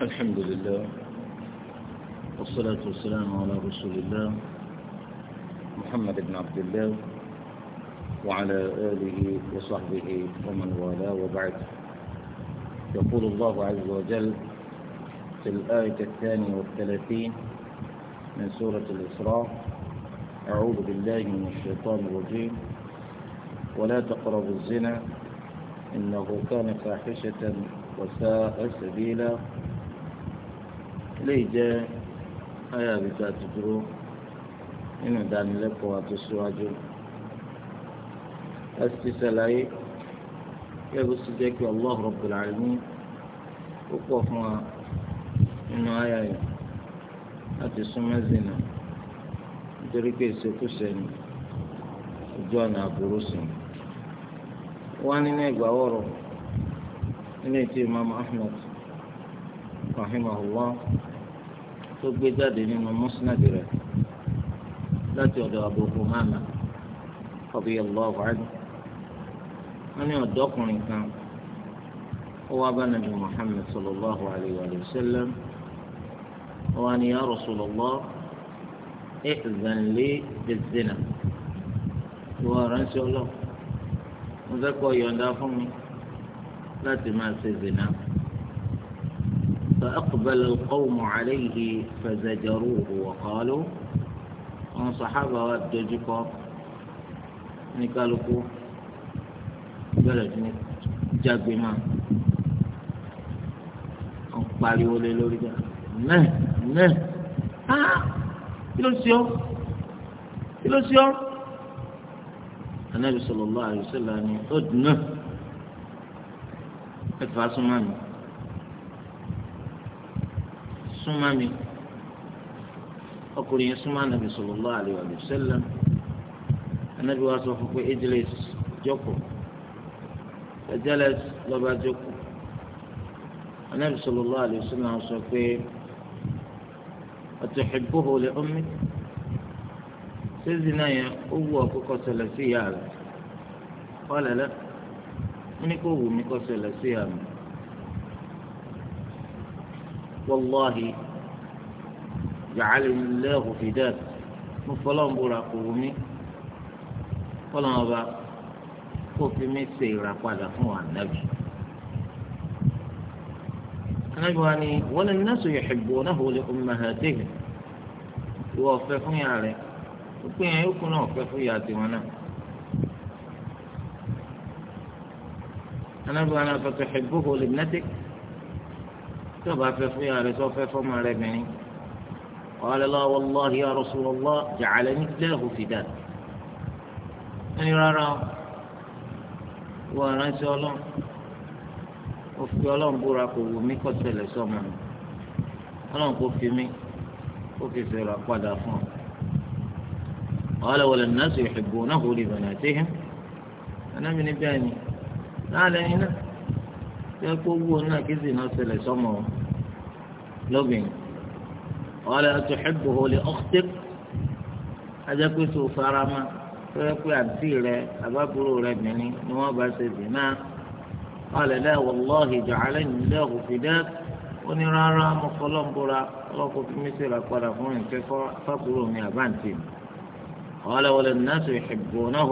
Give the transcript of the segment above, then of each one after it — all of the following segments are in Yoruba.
الحمد لله والصلاة والسلام على رسول الله محمد بن عبد الله وعلى آله وصحبه ومن والاه وبعد يقول الله عز وجل في الآية الثانية والثلاثين من سورة الإسراء أعوذ بالله من الشيطان الرجيم ولا تقربوا الزنا إنه كان فاحشة وساء سبيلا eléyìí jẹ ayé àbíta ti dúró nínú ìdánilẹ́kọ̀ọ́ àti síwájú ẹsì ti sàlàyé yẹ́bù sì jẹ́ kí Allah Rabbul Alamin ó pọ̀ fún wa nínú ayé ayé láti súnmọ́ zina nítorí pé ìṣekúṣe ojú ọ̀nà àbúrò nínú nínú Imam Ahmad tó gbé jáde nínú musnad rẹ̀ láti ọ̀dọ̀ Abu Umama radiyallahu anhu wọ́n ní ọ̀dọ́kùnrin kan ó wá bá nàbì Muhammad sallallahu alayhi wa sallam ó wá ní ya Rasulullah i'zan li biz-zina ìwọ ránṣẹ́ fẹ́ kọ́ yọ̀ǹda fún mi láti máa ṣe zina. فأقبل القوم عليه فزجروه وقالوا أن صحابة وابدجك نكالكو بلد جاكبما أقبالي ولي لوري نه نه ها كيلو سيو كيلو سيو النبي صلى الله عليه وسلم أدنى ادفع سمعني súnmọ́ mi ọkùnrin yẹn súnmọ́ anabi sallallahu alaihi wa sallam anabi wa sọ fún pé ijlis jókòó fajalas lọ́ba jókòó anabi sallallahu alaihi wa sallam sọ pé atuhibbuhu li ummik sẹ́sìn náà yẹn ó wù ọ́ kókó sí ìyá rẹ̀ kọ́lẹ̀ lẹ́ wọ́n ní wù mí kó ṣẹlẹ̀ sí ìyá wallahi ja'alani Allahu fidak mo fọlọ́n bóra kò wù mí fọlọ́n ọba kó fi mí ṣe ìràpadà fún wa nàbì. anábì wa ni wala an-nasu yuhibbunahu li ummahatihim ìwọ ọ̀fẹ́ fún yàrá rẹ̀ ó pè yẹn yókù náà ọ̀fẹ́ fún yàrá tiwọn náà. anábì wa ni fa tuhibbuhu li ibnatik tí o bá fẹ́ fún yàrá rẹ sọ fẹ́ fọmọ rẹ bìnrin qala la wallahi ya Rasulullah ja'alani Allahu fida ẹni rárá o wọ aránsẹ Ọlọ́run ó fi Ọlọ́run búra kò wù mí kó ṣẹlẹ̀ sọmọ mi kò fi mí kó fi sọ̀rọ̀ padà fún ọ. قال ولا الناس يحبونه لبناتهم أنا من بني لا لا yẹ kó wú ọ náà kí sì náà ṣẹlẹ̀ sọmọ lọ́bìn ọ̀lẹ́ àtúnṣẹ́bùhó lè ọ́kítẹ́ ajá pé tó fara ma tó yẹ pé àǹtí rẹ àbábúrò rẹ bìnrin ni wọ́n bá ṣe bì náà ọ̀lẹ́ náà wọ́lọ́ọ̀hì jọ̀ọ́lẹ́ nílẹ̀ òfìdá ó ní rárá mo fún mi ṣèlà padà fún ìfẹ́ fábúrò mi àbáǹtì ọ̀lẹ́ wọlé náà tó ìṣẹ̀bù náà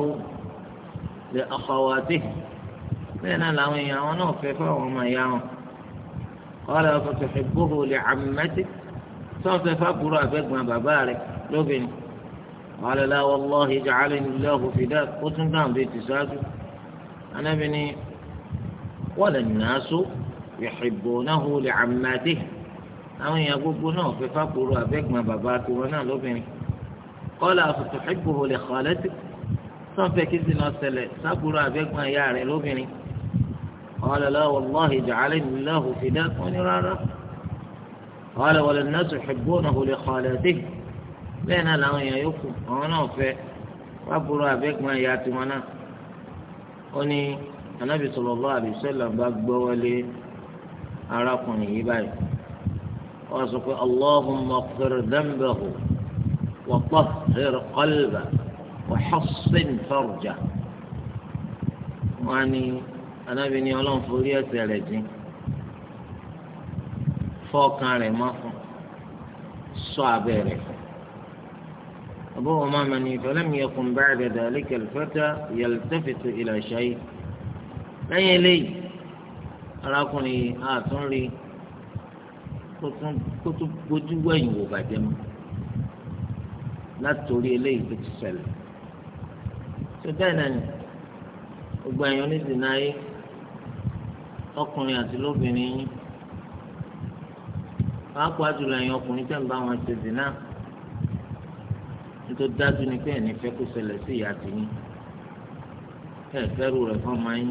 bẹ́ẹ̀ náà làwọn èèyàn wọn náà fẹ́ fáwọn ọmọ ìyá wọn kọ́lá ọkọ̀ tẹ̀fẹ̀ gbóhò lè àmẹ́tí sọ́ọ̀fẹ́ fàbúrò àfẹ́gbọ́n bàbá rẹ̀ lóbìnrin kọ́lá láwọ lọ́ọ̀hì jàálẹ̀ nílẹ̀ ọkọ̀ fìdá ó tún dáhùn bíi ti ṣáájú anábì ni wọ́n lè nàásù yẹ̀xìbò náà hù lè àmẹ́tí àwọn èèyàn gbogbo náà fẹ́ fàbúrò àfẹ́gbọ́n bàbá tiwọn náà lóbìnrin kọ́lá ọkọ̀ tẹ̀fẹ̀ gbóhò lè قال لا والله جعلني الله فداك ونرارا قال ولا الناس يحبونه لخالاته بين لا يكون وانا في وابرا بك ما ياتمنا وني النبي صلى الله عليه وسلم بقبولي أراكني يبايع وأسقي اللهم اغفر ذنبه وطهر قلبه وحصن فرجه يعني anábì ní ọlọ́run forí ẹ̀ṣẹ̀ rẹ̀ jìn fọ́ọ̀kan rẹ̀ mọ́ fún sọ abẹ́ rẹ̀ fún. أبو أمامة فلم يكن بعد ذلك الفتى يلتفت إلى شيء لا يلي arákùnrin àtúnrí kó tún gbójú wẹ̀yìn wò bàjẹ́ mọ́ látòrí eléyìí tó ti ṣẹlẹ̀ tó bẹ́ẹ̀ náà ni gbogbo àyàn ní ìdìnnà yìí ọkùnrin àti lóbìnrin yín pàápàá jùlọ ẹ̀yin ọkùnrin tẹ̀ ń bá wọn ṣe dì náà nítorí dájú ni pé ẹ̀ní fẹ́ kó ṣẹlẹ̀ sí ìyá tìyín ẹ̀ fẹ́rù rẹ̀ fún ọmọ yín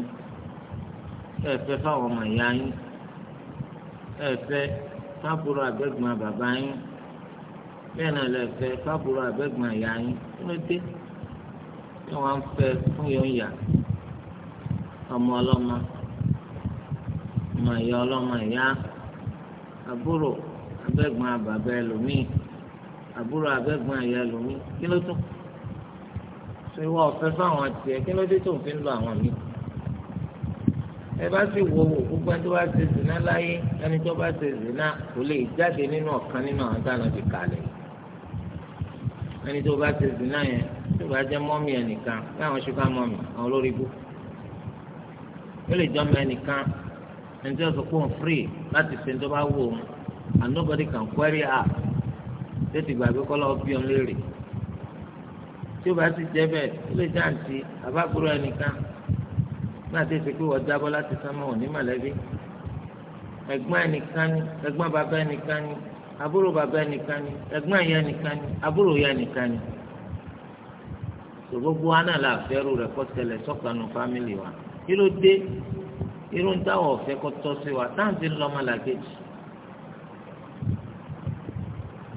ẹ̀ fẹ́ fáwọn ọmọ ìyá yín ẹ̀ fẹ́ fábùrọ̀ àbẹ́gbọ̀n bàbá yín bẹ́ẹ̀ náà lè fẹ́ fábùrọ̀ àbẹ́gbọ̀n ìyá yín kí ló dé tí wọ́n fẹ́ fún yóò yà ọmọ ọlọ́mọ ọmọ ìyá ọlọ́mọ ìyá àbúrò abẹ́gbọ́n bàbá ẹlòmíì àbúrò abẹ́gbọ́n ìyá ẹlòmíì kí ló tún ṣé wọ́n ọ̀fẹ́ fáwọn tiẹ̀ kí ló dé tó fi ń lọ àwọn míì ẹ bá sì wo wò gbogbo ẹni tó bá ṣe zina láyé ẹni tó bá ṣe zina kò lè jáde nínú ọ̀kan nínú àwọn tá a lọ fi kalẹ̀ ẹni tó bá ṣe zina yẹn tó bá jẹ́ mọ́mì ẹnìkan láwọn ṣúgà mọ́mì àwọn olórí bú ó lè jọ́ mọ́ ẹnìkan ẹni tí wọ́n sọ pé òun free láti ṣe ní tó bá wù òun and nobody can query her tètè gbàgbé kọ́ lọ́wọ́ bí òun léèrè tí o bá ti jẹ bẹ́ẹ̀ ó lè já àǹtí àbágbóró ẹnìkan náà ti ṣe pé wọ́n jábọ́ láti sánmọ́ òní mọ̀lẹ́bí ẹ̀gbọ́n ẹnìkan ni ẹ̀gbọ́n bàbá ẹnìkan ni àbúrò bàbá ẹnìkan ni ẹ̀gbọ́n ìyá ẹnìkan ni àbúrò ìyá ẹnìkan ni sọ gbogbo wa náà la fẹ́rù rẹ̀ kọ́ tẹ̀lẹ̀ sọ́kànnù fámìlì wa kí ló dé irú ń táwọn ọ̀fẹ́ kọ́ tọ́ sí wa táǹtì ń lọ́mọ làkejì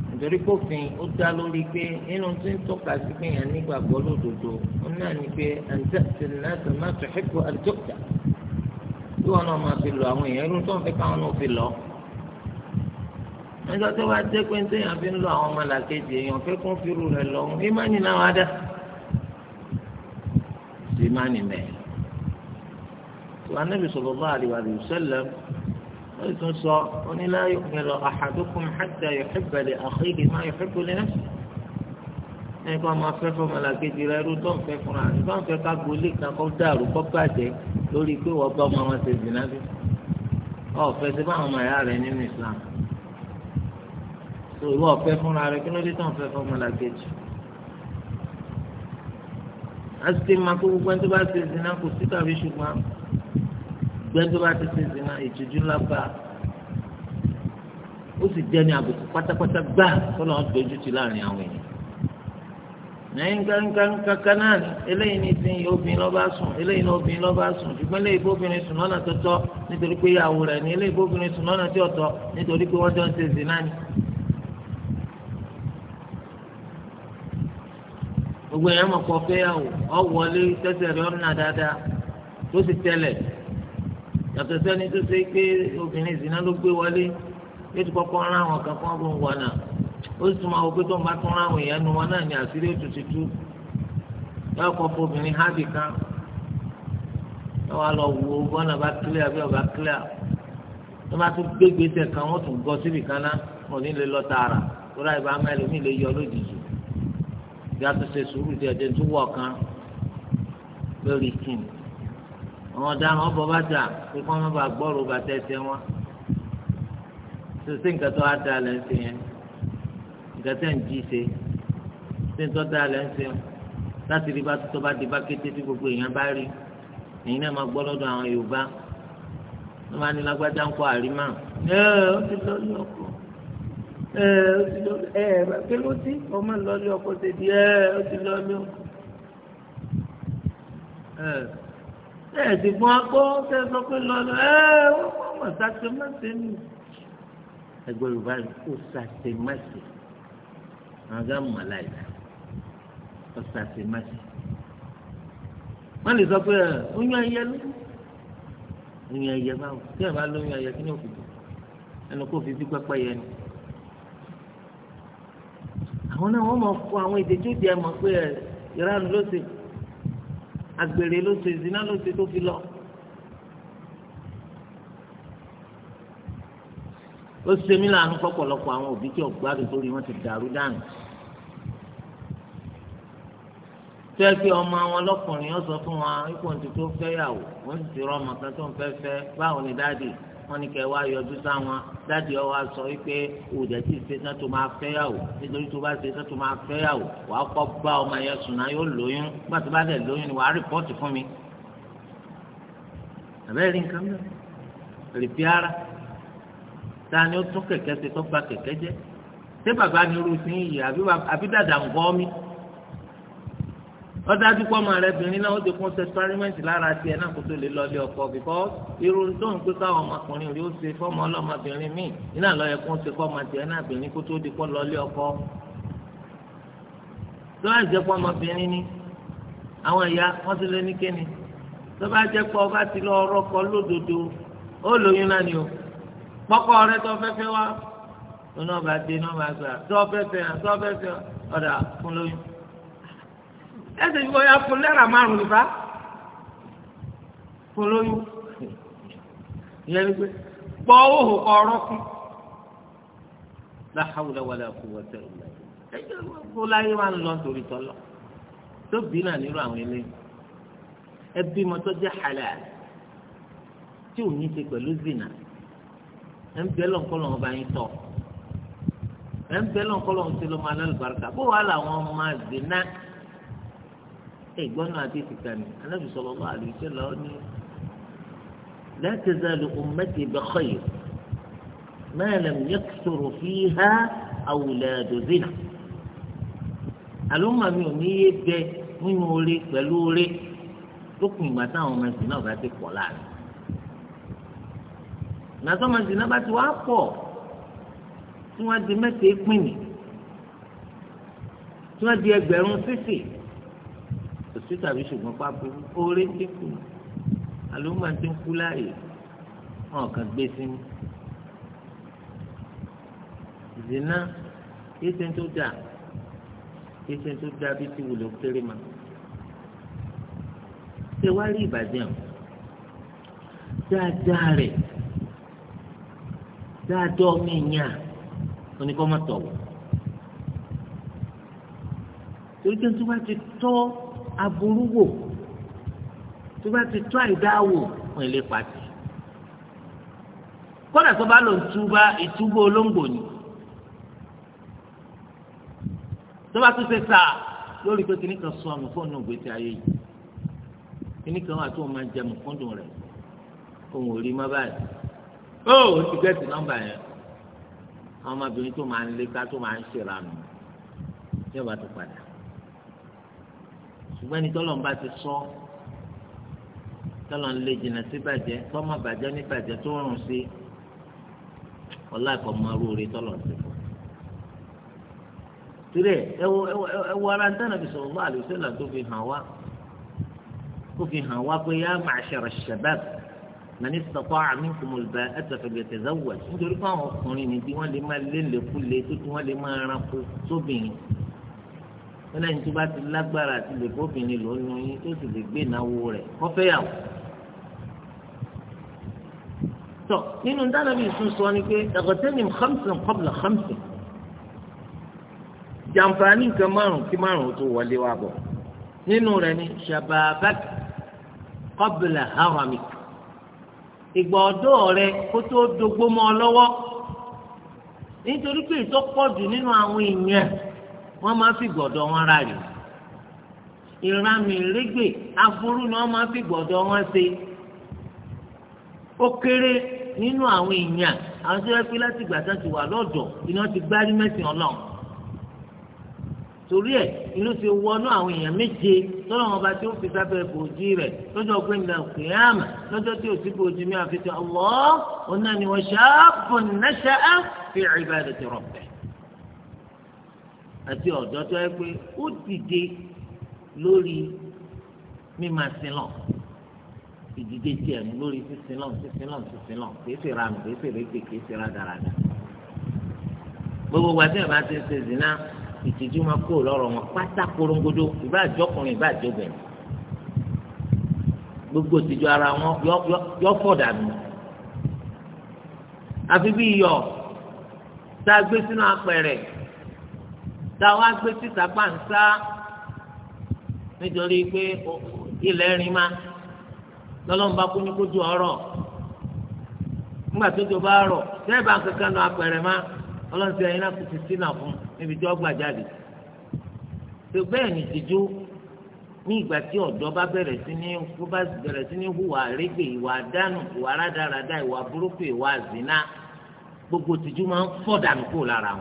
nítorí pófin ó dá lórí pé nínú tí ń tọ́ka sí pé yẹn nígbàgbọ́ lódodo òun náà ni pé àǹtí àti nàásì máa tó hẹ́pù àdókòtà tí wọn náà máa fi lọ àwọn èèyàn irú tó ń fi káwọn náà fi lọ. nígbà tó bá jẹ́ pé téèyàn fi ń lọ àwọn ọmọ làkejì èèyàn fẹ́ kún fírù rẹ̀ lọ́wọ́ ìmánì náà dá sí ìmánì النبي صلى الله عليه وآله وسلم قل لا يؤمن أحدكم حتى يحب لأخيه ما يحب لنفسه ẹni kó a máa fẹ́ fún ọmọlàkejì rẹ irú tó ń fẹ́ fúnra rẹ tó ń fẹ́ ká gbolé kan kó dàrú kó bàjẹ́ lórí pé wọ́n bá ọmọ wọn ṣe zìnnà bí ọ̀fẹ́ ṣe bá àwọn ọmọ ẹ̀yà rẹ nínú Islam tó ìwọ ọ̀fẹ́ fúnra rẹ kí ló dé tó ń fẹ́ fún ọmọlàkejì. a ti máa kó gbogbo ẹni tó bá ṣe zìnnà kò sí tàbí ṣùgbọ́n gbẹ́ńtó bá ti ṣe ìsìn ìtújú ńlá bá a ó sì jẹ́ ní àbùkù pátápátá gbà tọ́lọ́ wọn dojú ti láàrin àwọn èèyàn. lẹ́yìn kankankan náà eléyìí ní sin obìnrin lọ́ba sùn eléyìí ní obìnrin lọ́ba sùn ṣùgbọ́n eléyìí bóbìnrin sùn lọ́nà tó tọ́ nítorí pé ìyàwó rẹ̀ ni eléyìí bóbìnrin sùn lọ́nà tí ò nítorí pé wọ́n jọ ń náà ni. gbogbo mọ̀ pọ̀ ọ̀ wọlé yàtọ̀ sẹ́ni tó ṣe pé obìnrin ìsìn náà ló gbé wọlé yóò ti kọ́kọ́ rán àwọn kan fún ọgbọ̀n wọn náà ó sì máa wọ pé tó ń bá tún rán àwọn èèyàn nu wọn náà ní àṣírí ètò títú yóò kọ́ fún obìnrin hábì kan yóò wá lọ wo bọ́nà bá kílíà bí ọba kílíà tó bá tún gbé gbèsè kan wọ́n tún gọ síbì kan náà wọn ò ní lè lọ tààrà tó ráì bá mẹ́rin mi lè yọ lójijì bí a tún sùúrù díẹ̀ díẹ̀ tó wọ̀ kan lórí kíni àwọn ọ̀daràn ọ̀bọ̀ bàtà pé kí wọ́n má bàa gbọ́rò bàtà ẹsẹ̀ wọn sèse nǹkan tó wá da lẹ́ ń ṣe yẹn nǹkan tẹ̀ ń jí ṣe ṣé ń tọ́ da lẹ́ ń ṣe láti rí bá tó bá di bá kété tí gbogbo èèyàn bá rí èyí náà máa gbọ́ lọ́dọ̀ àwọn Yorùbá wọ́n máa ní lágbájá ń kọ́ àrímà ẹ ó ti lọ́ọ́ lé ọkọ̀ ẹ ó ti lọ́ọ́ ẹ kí ló dé ọmọ lọ́ọ́ lé ọkọ̀ ṣe di ẹ ó ti lọ́ọ́ lé ọkọ̀ ẹ ti fún akọ ṣe sọ pé lọlọ ẹ wọn mọ sase mẹsẹ nù ẹgbẹ yorùbá yìí kò sase mẹsẹ àwọn gá mọ láìka kò sase mẹsẹ wọn lè sọ pé ẹ oyún ẹyẹ ló oyún ẹyẹ báwo tí ẹ bá lóyún ẹyẹ kí ni òkùnkùn ẹnu kó fi bí pẹpẹ yẹ ni àwọn náà wọn mọ fún àwọn èdè tó di ẹ pé ẹ ìranu ló ṣe àgbèrè ló ṣe zina ló ṣe tó fi lọ. ó ṣe mí láàánú pọ̀pọ̀lọpọ̀ àwọn òbí tí ọ̀gbádùn tó rí wọn ti dàrú dànù. fẹ́ kí ọmọ àwọn ọlọ́kùnrin yóò sọ fún wa ipò ní ti tó fẹ́ yàwó wọ́n sì ti rọ ọmọ kan tó ń fẹ́ fẹ́ báwo ni dáàdì wọ́n ní kẹ́ wá yọjú sáwọn dáàdi ọ wá sọ wípé òòjà tí ṣe tán tó máa fẹ́ yàwó nítorí tó bá ṣe tán tó máa fẹ́ yàwó wàá kọ́ gbá ọmọ yẹn sùn náà yóò lóyún nígbà tó bá dẹ̀ lóyún ni wàá rìpọ́ọ̀tì fún mi. àbẹ́rẹ́ rí nǹkan mẹ́rin rìpí ara ta ni ó tún kẹ̀kẹ́ ṣe tó gba kẹ̀kẹ́ jẹ́ ṣé bàbá ni irú sí yìí àbí dàdà ń gbọ́ mi ọdájú pọ́ ọmọ rẹ bìnrin náà ó ti kún experiment lára tiẹ̀ náà kó tó lè lọ ilé ọkọ because irun tó ń pé káwọn ọmọkùnrin rí ó ṣe fọ́mọ ọlọ́mọbìnrin míì iná lọ́yẹ kó ń ṣe fọ́mọ tiẹ̀ náà bìnrin kó tó di pọ́ lọ ilé ọkọ. tó bá jẹ́ pọ́ ọmọbìnrin ni àwọn ìyá wọ́n ti lé ní kíni tó bá jẹ́ pọ́ ọba ti lọ ọrọ́kọ lódodo ó lóyún náà ni o pọ́kọ rẹ tó fẹ́fẹ́ wá lónà ọba dé náà bá gbà ẹsẹ̀ yìí wọ́n yà fún náírà márùn nípa fún lóyún ìyẹn ni pé pọ̀ òhò ọ̀rọ̀ kún láhàwùlẹ̀ wàlẹ̀ àkúwọ̀tẹ̀ ẹ̀jẹ̀ wọn láyé máa ń lọ torí tọ́lọ̀ tó bí náà nírú àwọn eléyìí ẹbí mọ tó jẹ́ halal tí ò ní ṣe pẹ̀lú zina ẹ̀ ń bẹ́ lọ́nkọ́ lọ́wọ́ yín tọ̀ ẹ̀ ń bẹ́ lọ́nkọ́ lọ́wọ́ ṣe ló máa bó wàá làwọn máa zina ìgbọ́nà àti ìsìkànnì anábì sallallahu alaihi wasallam ní la tazalu ummati bi khayr ma lam yakthuru fiha awladu zina àlùmọ́ mi ò ní yé bẹ nínú orí pẹ̀lú orí lókun ìgbà táwọn ọmọ ẹ̀sìn náà bá ti pọ̀ láàrin nàtọ́ ọmọ ẹ̀sìn náà bá ti wá pọ̀ tí wọ́n di mẹ́tẹ̀ẹ́ pín tí wọ́n di ẹgbẹ̀rún sísè kò sí tàbí ṣùgbọ́n pápú oore ń dínkù àlùmọ́ ti ń kú láàyè wọn kàn gbé sí mi. zina yíṣe tó dà yíṣe tó dà bí ti wùlò kéré ma ṣé wàá rí ìbàjẹ́ o dáadáa rẹ̀ dáadọ́ mi yàn oníkọ́ mọ́tò torí pé tó bá ti tọ́ aburú wò tó bá ti tó àìdá wò wọn lè pàtì kódà tó bá lò ń túbá ìtúbó olóńgbò ni tó bá tún ṣe sà lórí pé kíní kan sọnù fóònù ògbésí ayé yìí kíní kan wà tó máa jẹ mọ̀kúndùn rẹ̀ òun ò rí má báyìí ó ò ti gẹ́tì nọ́mbà yẹn àwọn ọmọbìnrin tó máa ń lé ká tó máa ń ṣèrànù yóò bá tó padà ṣùgbọ́n ẹni tọ́lọ̀ ń bá ti sọ tọ́lọ̀ ń lè jìnnà sí bàjẹ́ tọ́mọ bàjẹ́ ní bàjẹ́ tó rùn sí ọláìkọ̀ máa rú orí tọ́lọ̀ sí fún tirẹ̀ ẹwọ ara ń tẹ́lẹ̀ bisọ̀ ọlọ́ àlùsẹ́là tó fi hàn wá tó fi hàn wá pé yá ma'ashara shabab man istata'a minkum al-ba'ata falyatazawwaj nítorí pé àwọn ọkùnrin nìdí wọ́n lè máa lélẹ̀kú lé tó kí wọ́n lè máa ránkó sóbìnrin wọn lẹ́yìn tó bá ti lágbára àti lè bóbìnrin ló nu yín tó sì lè gbé ìnáwó rẹ̀ kọ́fẹ́yàwó. tọ nínú dánábì sùn sọ ni pé ẹ̀kọ́tẹ́nìm hamsin kọ́bìlà hamsin jàǹfààní nǹkan márùn kí márùn tó wọlé wa bọ̀ nínú rẹ̀ ni shababak kọ́bìlà haramik ìgbà ọ̀dọ́ rẹ̀ kó tó dogbó mọ́ ọ lọ́wọ́ nítorí pé ìtọ́pọ̀jù nínú àwọn èèyàn wọ́n máa fi gbọ̀dọ̀ wọn ra rè ìrami ìrégbè aburú ni wọ́n máa fi gbọ̀dọ̀ wọn ṣe ó kéré nínú àwọn èèyàn àwọn tó yẹ pé láti gbàtà ti wà lọ́dọ̀ ni wọ́n ti gbárí mẹ́sìn ọlọ́run torí ẹ̀ inú ti wọnú àwọn èèyàn méje tọ́lọ́ wọn bá tí ó fi sábẹ́ bòójì rẹ̀ lọ́jọ́ gbẹ̀ndà kìáàmà lọ́jọ́ tí ò sí bòójì mi àfi ti ọ̀nà ni wọ́n ṣáà fún náṣà á fi ibadati rabbih àti ọ̀dọ́ tó yẹ pé ó dìde lórí mímá sílọ̀ ìdíje tiẹ̀ mú lórí sísílọ̀ sísílọ̀ sísílọ̀ kìí ṣe ranù kìí ṣe rẹ́gbẹ̀ kìí ṣe rádaràdà gbogbo wa tí ẹ bá ti ṣe zina ìtìjú máa kó lọ́rọ̀ wọn pátá korongodo ìbá àjọkùnrin ìbá àjọbìnrin gbogbo ìtìjú ara wọn yọ fọ̀ dànù àfi bí iyọ̀ tá a gbé sínú apẹ̀rẹ̀. ta wa wá gbé síta gbàǹsá nítorí pé ilẹ̀ rìn má lọ́lọ́run bá kú kójú ọ̀rọ̀ nígbà tó bá rọ̀ sẹ́ẹ̀bà kankan náà apẹ̀rẹ̀ má ọlọ́run ti náà kò ti sínà fún níbi tí wọ́n gbà jáde tó bẹ́ẹ̀ ni ìtìjú ní ìgbà tí ọ̀dọ́ bá bẹ̀rẹ̀ sí ní kó bá bẹ̀rẹ̀ sí ní hùwà rẹ́gbẹ̀ zina gbogbo ìtìjú máa ń fọ́ dànù kó lára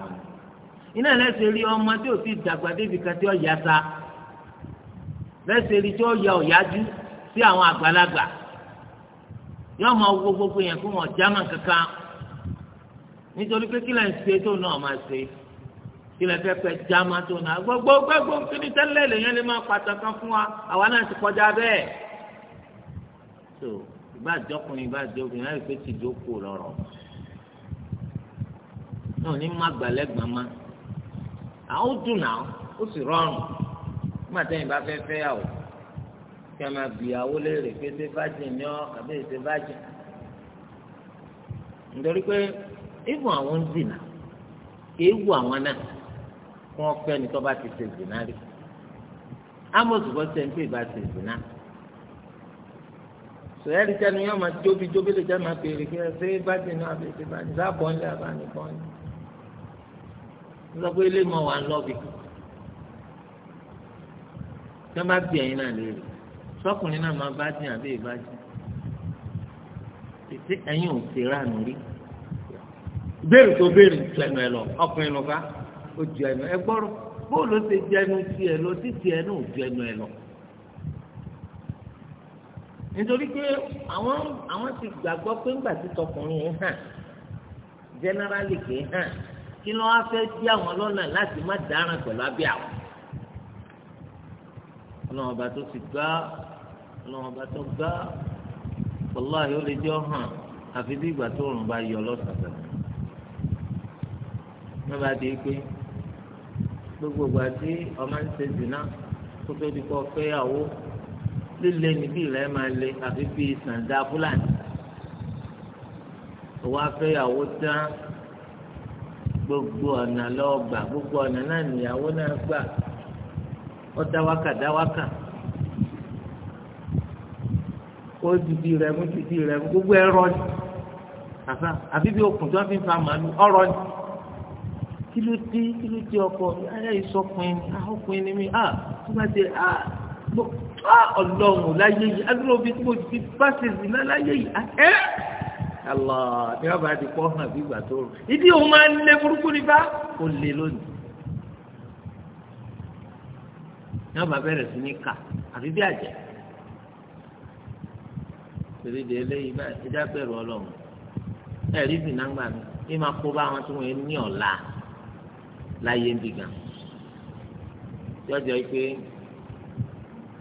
iná lẹ́sẹ̀ rí ọmọ tí ò ti dàgbà débi kan tí ó yà sa lẹ́sẹ̀ rí tí ó yà ọ̀yájú sí àwọn àgbàlagbà yóò máa wo gbogbo yẹn fún wọn jámà kankan nítorí pé kí lẹ́yìn ṣe tó náà máa ṣe kí lẹ́yìn fẹ́ pẹ́ jámà tó náà gbogbo gbogbo kí ni tẹ́lẹ̀ lèyàn lè máa pàtàkì fún wa àwa náà ti kọjá bẹ́ẹ̀ so ìbá àjọkùnrin ìbá àjọkùnrin láì pé tìjú kù lọ́rọ̀ náà ní má gbàlẹ́gbàmá àwọn dùn náà ó sì rọrùn nígbà tẹ́yìn bá fẹ́ fẹ́ yàwó kí a máa bì àwọ léèrè pé ṣé virgin ni ọ́ àbí ṣe virgin nítorí pé ìfún àwọn ń zìnà kìí wù àwọn náà kí wọ́n fẹ́ ni tó bá ti ṣe zìnà rí amos bọ́ sẹ́ni pé ìbá ṣe zìnà sọ̀rọ̀ ẹ̀rí sẹ́ni yóò máa jóbi jóbi lè jẹ́ máa béèrè kí ẹ ṣé virgin ni ọ́ àbí ṣe virgin sáà bọ́ńlé àbá ní wọ́n sọ pé ilé mọ̀ wà ń lọ́bì tí wọ́n bá bí ẹ̀yin náà léèrè sọ́kùnrin náà máa bá dín àbí ìbá dín títí ẹ̀yin ò ṣe ráàánú rí béèrè tó béèrè ju ẹnu ẹ lọ ọkùnrin lọ bá ó ju ẹnu ẹ gbọ́rọ̀ bóòlù ó ti ju ẹnu tiẹ̀ lọ títí ẹnu ò ju ẹnu ẹ lọ nítorí pé àwọn àwọn ti gbàgbọ́ pé ńgbà tí tọkùnrin yẹn hàn generally kì í hàn kí ló wá fẹ́ dí àwọn lọ́nà láti má dáràn pẹ̀lú abẹ́ àwọn. ọlọ́run ọba tó ti gbá ọlọ́run ọba tó gbá wàláhì ó lè jọ hàn àfi bí ìgbà tó rùn bá yọ lọ́sàn-án. wọ́n bá di pé gbogbo ìgbà tí ọmọ ń ṣe zìnà kó tó di kọ́ fẹ́yàwó líle níbí rẹ̀ máa le àfi bí sàǹdà fúlàní. òwò afẹ́yàwó tán. gbogbo ọ̀nà lọ́ọ́ gbogbo ọ̀nà náà nìyàwó náà gbà ó dáwákà dáwákà ó dìdí rẹ mú dìdí gbogbo ẹ̀rọ ni àfa àbí okùn tí fa ni kí ló dé kí ló dé ọkọ ayé ìsọkùnrin ni ah, ah, tó bá dé ah, láyé tí mo ti bá ṣe Allah ní ọba ti kọ́ hàn bí ìgbà tó rò ìdí òun máa ń lé burúkú ní bá ó lé lónìí ní ọba bẹ̀rẹ̀ sí ní kà àfi bí àjẹ́ torí de eléyìí bá ẹja bẹ̀rù ọlọ́run ẹ̀rí sì náà gbà mí kí máa kó bá wọn tí wọ́n ní ọ̀la láyé ń bì gan yọjọ pé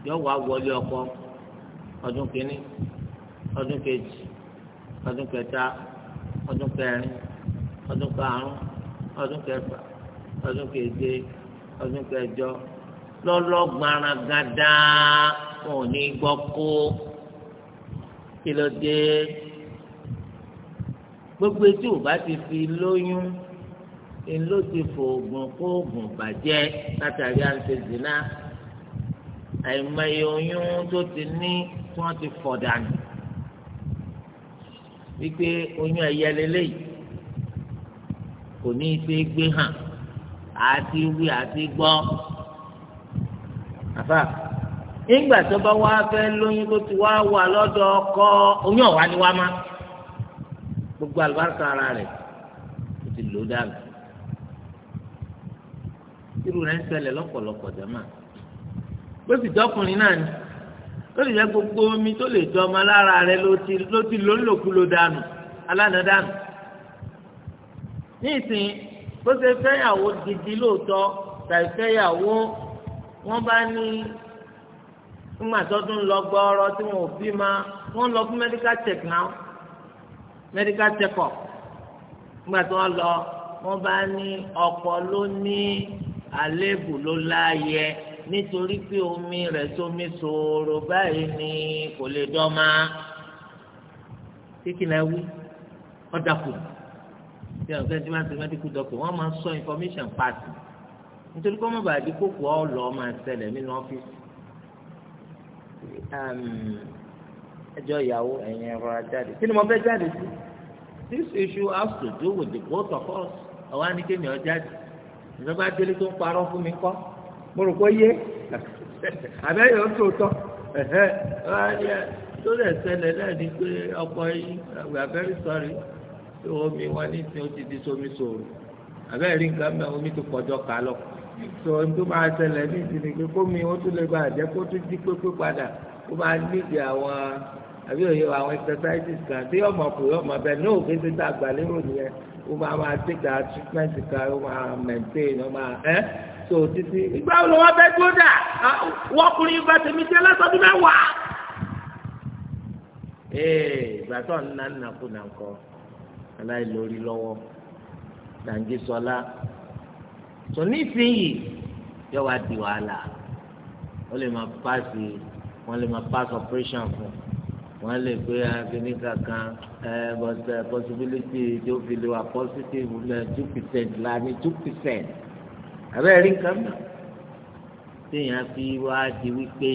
yọ wá ọkọ ọdún kínní ọdún kejì ọdún kẹta ọdún kẹrin ọdún karùn ọdún kẹfà ọdún keje ọdún kẹjọ lọlọgbàrán gàdá wọn ò ní gbọ́ kó kí ló dé gbogbo etí ò bá ti fi lóyún ló ti fòògùn kóògùn bàjẹ́ látàrí àǹtẹ̀dínà àìmọye oyún tó ti ní tí wọ́n ti fọ̀ dànù wípé oyún ẹ̀yẹ lélẹ́yìí kò ní í ṣe é gbé hàn àti wí àti gbọ́ àfà nígbà tó bá wá fẹ́ lóyún ló ti wá wà lọ́dọ̀ ọkọ oyún ọ̀wá ni wá gbogbo àlùbáríkà ara rẹ̀ ti lò dànù irú rẹ̀ ń ṣẹlẹ̀ lọ́pọ̀lọpọ̀ jẹ́ máa bó sì náà tó lè jẹ́ gbogbo omi tó lè jọ ọmọ lára rẹ ló ti ló ti ló ń lòkú ló dànù alánà dànù ní ìsìn bó ṣe fẹ́yàwó gidi lóòótọ́ tàbí fẹ́yàwó wọ́n bá ní nígbà lọ gbọ́ tí wọn ò bí ma wọ́n lọ fún medical check now medical check up nígbà tí wọ́n lọ wọ́n bá ní ọkọ ló ní àléébù ló láàyè nítorí pé omi rẹ̀ sómi ṣòro báyìí ni kò lè dọ́mà kíkìlá wí ọ̀dàkùn tí àwọn tí wọ́n ti medical doctor wọ́n máa sọ information pass nítorí kọ́ mọ̀ bàbí kókò ọ̀ máa ṣẹlẹ̀ nínú ọ́fíìsì ẹjọ́ ìyàwó ẹ̀yin ẹ̀rọ ajáde kí ni mo fẹ́ jáde sí this issue has to do with the both of us ọ̀wá ni kémi ọ̀jáde ìjọba délé tó ń parọ́ fún mi kọ́ mo rò pé yé àbẹ́yọ̀ ń tòótọ́ tó lè ṣẹlẹ̀ náà ni pé ọkọ yìí we are very sorry tó omi wa ní tí ó ti di sómi sòrò àbẹ́rẹ́ rí nǹkan mẹ́ omi tó kọjọ́ ká lọ tó ń tó máa ṣẹlẹ̀ ní ìsinmi pé kómi ó tún lè gba àjẹ́ kó tún jí pépé padà ó máa níbi àwọn àbí òye àwọn exercises kan tí ọmọ kò yọ ọmọ bẹ́ẹ̀ ní òfin ti ta àgbà lérò nìyẹn ó máa máa take that treatment kan ó máa maintain ó máa ẹ́. Eh? tó títí ìgbà wo wọn fẹ́ tó dà ah, wọ́n kùnrin bá tèmi jẹ́ lọ́sọ̀dún mẹ́wàá. ee ìgbà tó ń na nàkú nàkọ aláìlórí lọ́wọ́ nàǹgí sọlá tó nísìnyí yóò wá di wàhálà ó lè máa paasi wọ́n lè máa pass operation fún wọ́n lè gbé akíní kankan ẹ but eh, possibility tó fi lè wà positive two percent la two percent abẹ́ rí nǹkan mọ̀ téèyàn fi wá di wípé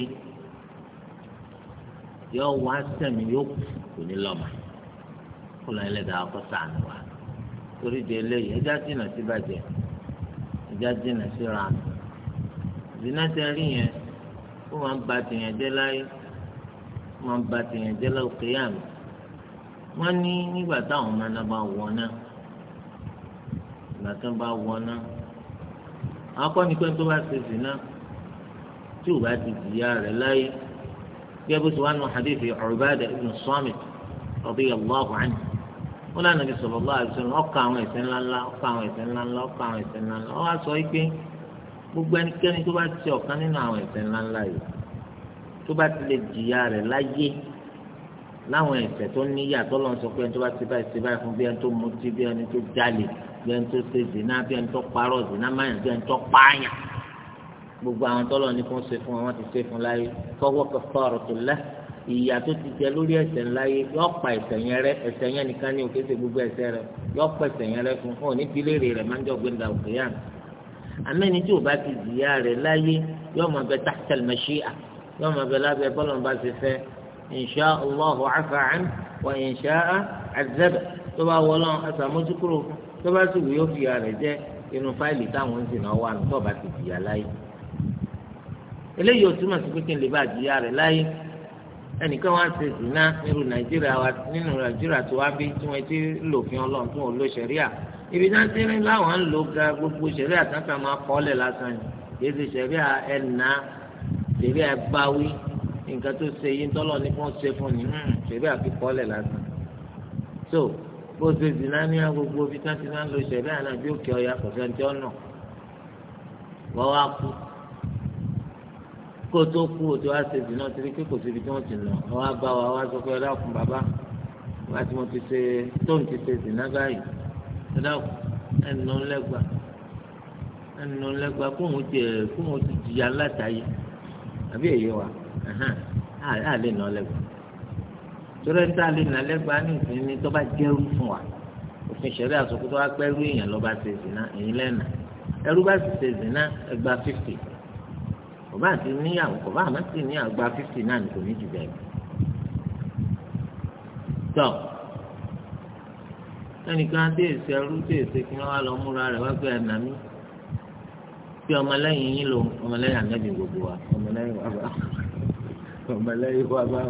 yọ wá sẹ̀mí yóò kù ní lọ́mà kó lọ́n ẹlẹ́dàá kọ́ sànù wa torí de eléyìí ẹja dìnà sí bàjẹ́ ẹja dìnà sí ràánù ìdínà tẹ rí yẹn ó máa ń ba tèèyàn jẹ́ láyé ó máa ń ba tèèyàn jẹ́ lókè yàmù wọ́n ní nígbà táwọn ọmọ náà bá wọ̀ náà ìgbà tó bá wọ̀ náà àwọn kọ́ni pé tó bá ṣe zina tí ò bá ti jìyà rẹ̀ láyé gẹ́gẹ́ bó ti wá nù hadithi Ubadah ibn Samit radiyallahu anhu wọn náà nàbí sallallahu alaihi wasallam ọkọ àwọn ẹ̀ṣẹ̀ ńláńlá ọkọ àwọn ẹ̀ṣẹ̀ ńláńlá ọkọ àwọn ẹ̀ṣẹ̀ ńláńlá wọn á sọ pé gbogbo ẹnikẹ́ni tó bá ti ọ̀kan nínú àwọn ẹ̀ṣẹ̀ ńláńlá yìí tó bá ti lè jìyà rẹ̀ láyé láwọn ẹ̀ṣẹ̀ tó níyà tó lọ́n sọ pé ẹni tó bá ti báyìí ti báyìí fún bí ẹni tó mutí bí ẹni tó jalè bí ẹni tó ṣe zina bí ẹni tó parọ́ zina máyà bí ẹni tó pààyàn gbogbo àwọn tọ́lọ̀ ní kó ń ṣe fún wọn ti ṣe fún láyé fọwọ́ kẹfọ́ọ̀rọ̀ tó lẹ́ ìyà tó ti jẹ lórí ẹ̀ṣẹ̀ ńláyé yọ pa ẹ̀ṣẹ̀ yẹn rẹ́ ẹ̀ṣẹ̀ yẹn nìkan ní òkè ṣe gbogbo ẹ̀ṣẹ̀ rẹ̀ yọ pa ẹ̀ṣẹ̀ yẹn rẹ́ fún fún òní pílérì rẹ̀ máa ń jọ gbẹndà òkè yàn amẹni tí o bá ti zìyà rẹ̀ láyé yọ máa bẹ tahtal mashi'a yọ máa bẹ lábẹ bọlọ bá ṣe fẹ́ insha Allahu afa an wa insha azaba tó bá wọlọ àtàmójúkúrò fún tó bá sì wù yóò fi ara rẹ̀ jẹ inú fáìlì táwọn ń sìnà wà nígbà bá ti jìyà láyé eléyìí ò túmọ̀ sí pé kí n lè bá jìyà rẹ̀ láyé ẹnìkan wá ń ṣe zina nínú nàìjíríà wa nínú nàìjíríà tó wá bí tí wọ́n ti lòfin ọlọ́run tó ń lo sẹ̀ríà ibi náà ti rí láwọn ń lo ga gbogbo sẹ̀ríà kankan máa kọ́lẹ̀ lásán yìí èsì sẹ̀ríà ẹ̀nà sẹ̀ríà báwí nǹkan tó ṣe yín tọ́lọ̀ ní fún ṣe fún ni sẹ̀ríà hmm, fi kọ́lẹ̀ lásán so bó ṣe zina ní agbègbè òbí tí wọ́n ti máa ń lo ìṣẹ̀lẹ̀ àná bí òkè ọ̀yà kọ̀ọ̀kan tí ọ̀nà wọ́n wá kú kó tó kú òtò wá ṣe zina torí pé kò síbi tí wọ́n ti nà wọ́n wá bá wa wá sọ pé ọ̀dà bàbá wá tí wọ́n ti ṣe tóun ti ṣe zina báyìí ọ̀dà ẹnu lẹ́gbàá ẹnu lẹ́gbàá kóun ti kóun ti jìyà látàyè àbí èyí wa àlè nà lẹ́gbàá torí ẹni tá a lè nà lẹ́gbàá ní ìsìn ní tó bá jẹ́rú fún wa òfin ṣẹ̀rí àsopọ̀ tó wá pẹ́rú èèyàn lọ́ba ṣe zìnà èyí lẹ́nà ẹrú bá sì ṣe zìnà ẹgbà fífì kò bá ti níyàwó kò bá àmọ́ sì níyàwó gba fífì náà ní kò ní jù bẹ́ẹ̀ tọ́ ẹnìkan tí èsì ẹrú tí èsì kí wọ́n wá lọ múra rẹ̀ wá pé ẹ̀nà mi bí ọmọlẹ́yìn yín lòun ọmọlẹ́yìn ànábì gbogbo wa ọmọlẹ́yìn wa bá ọmọlẹ́yìn wa bá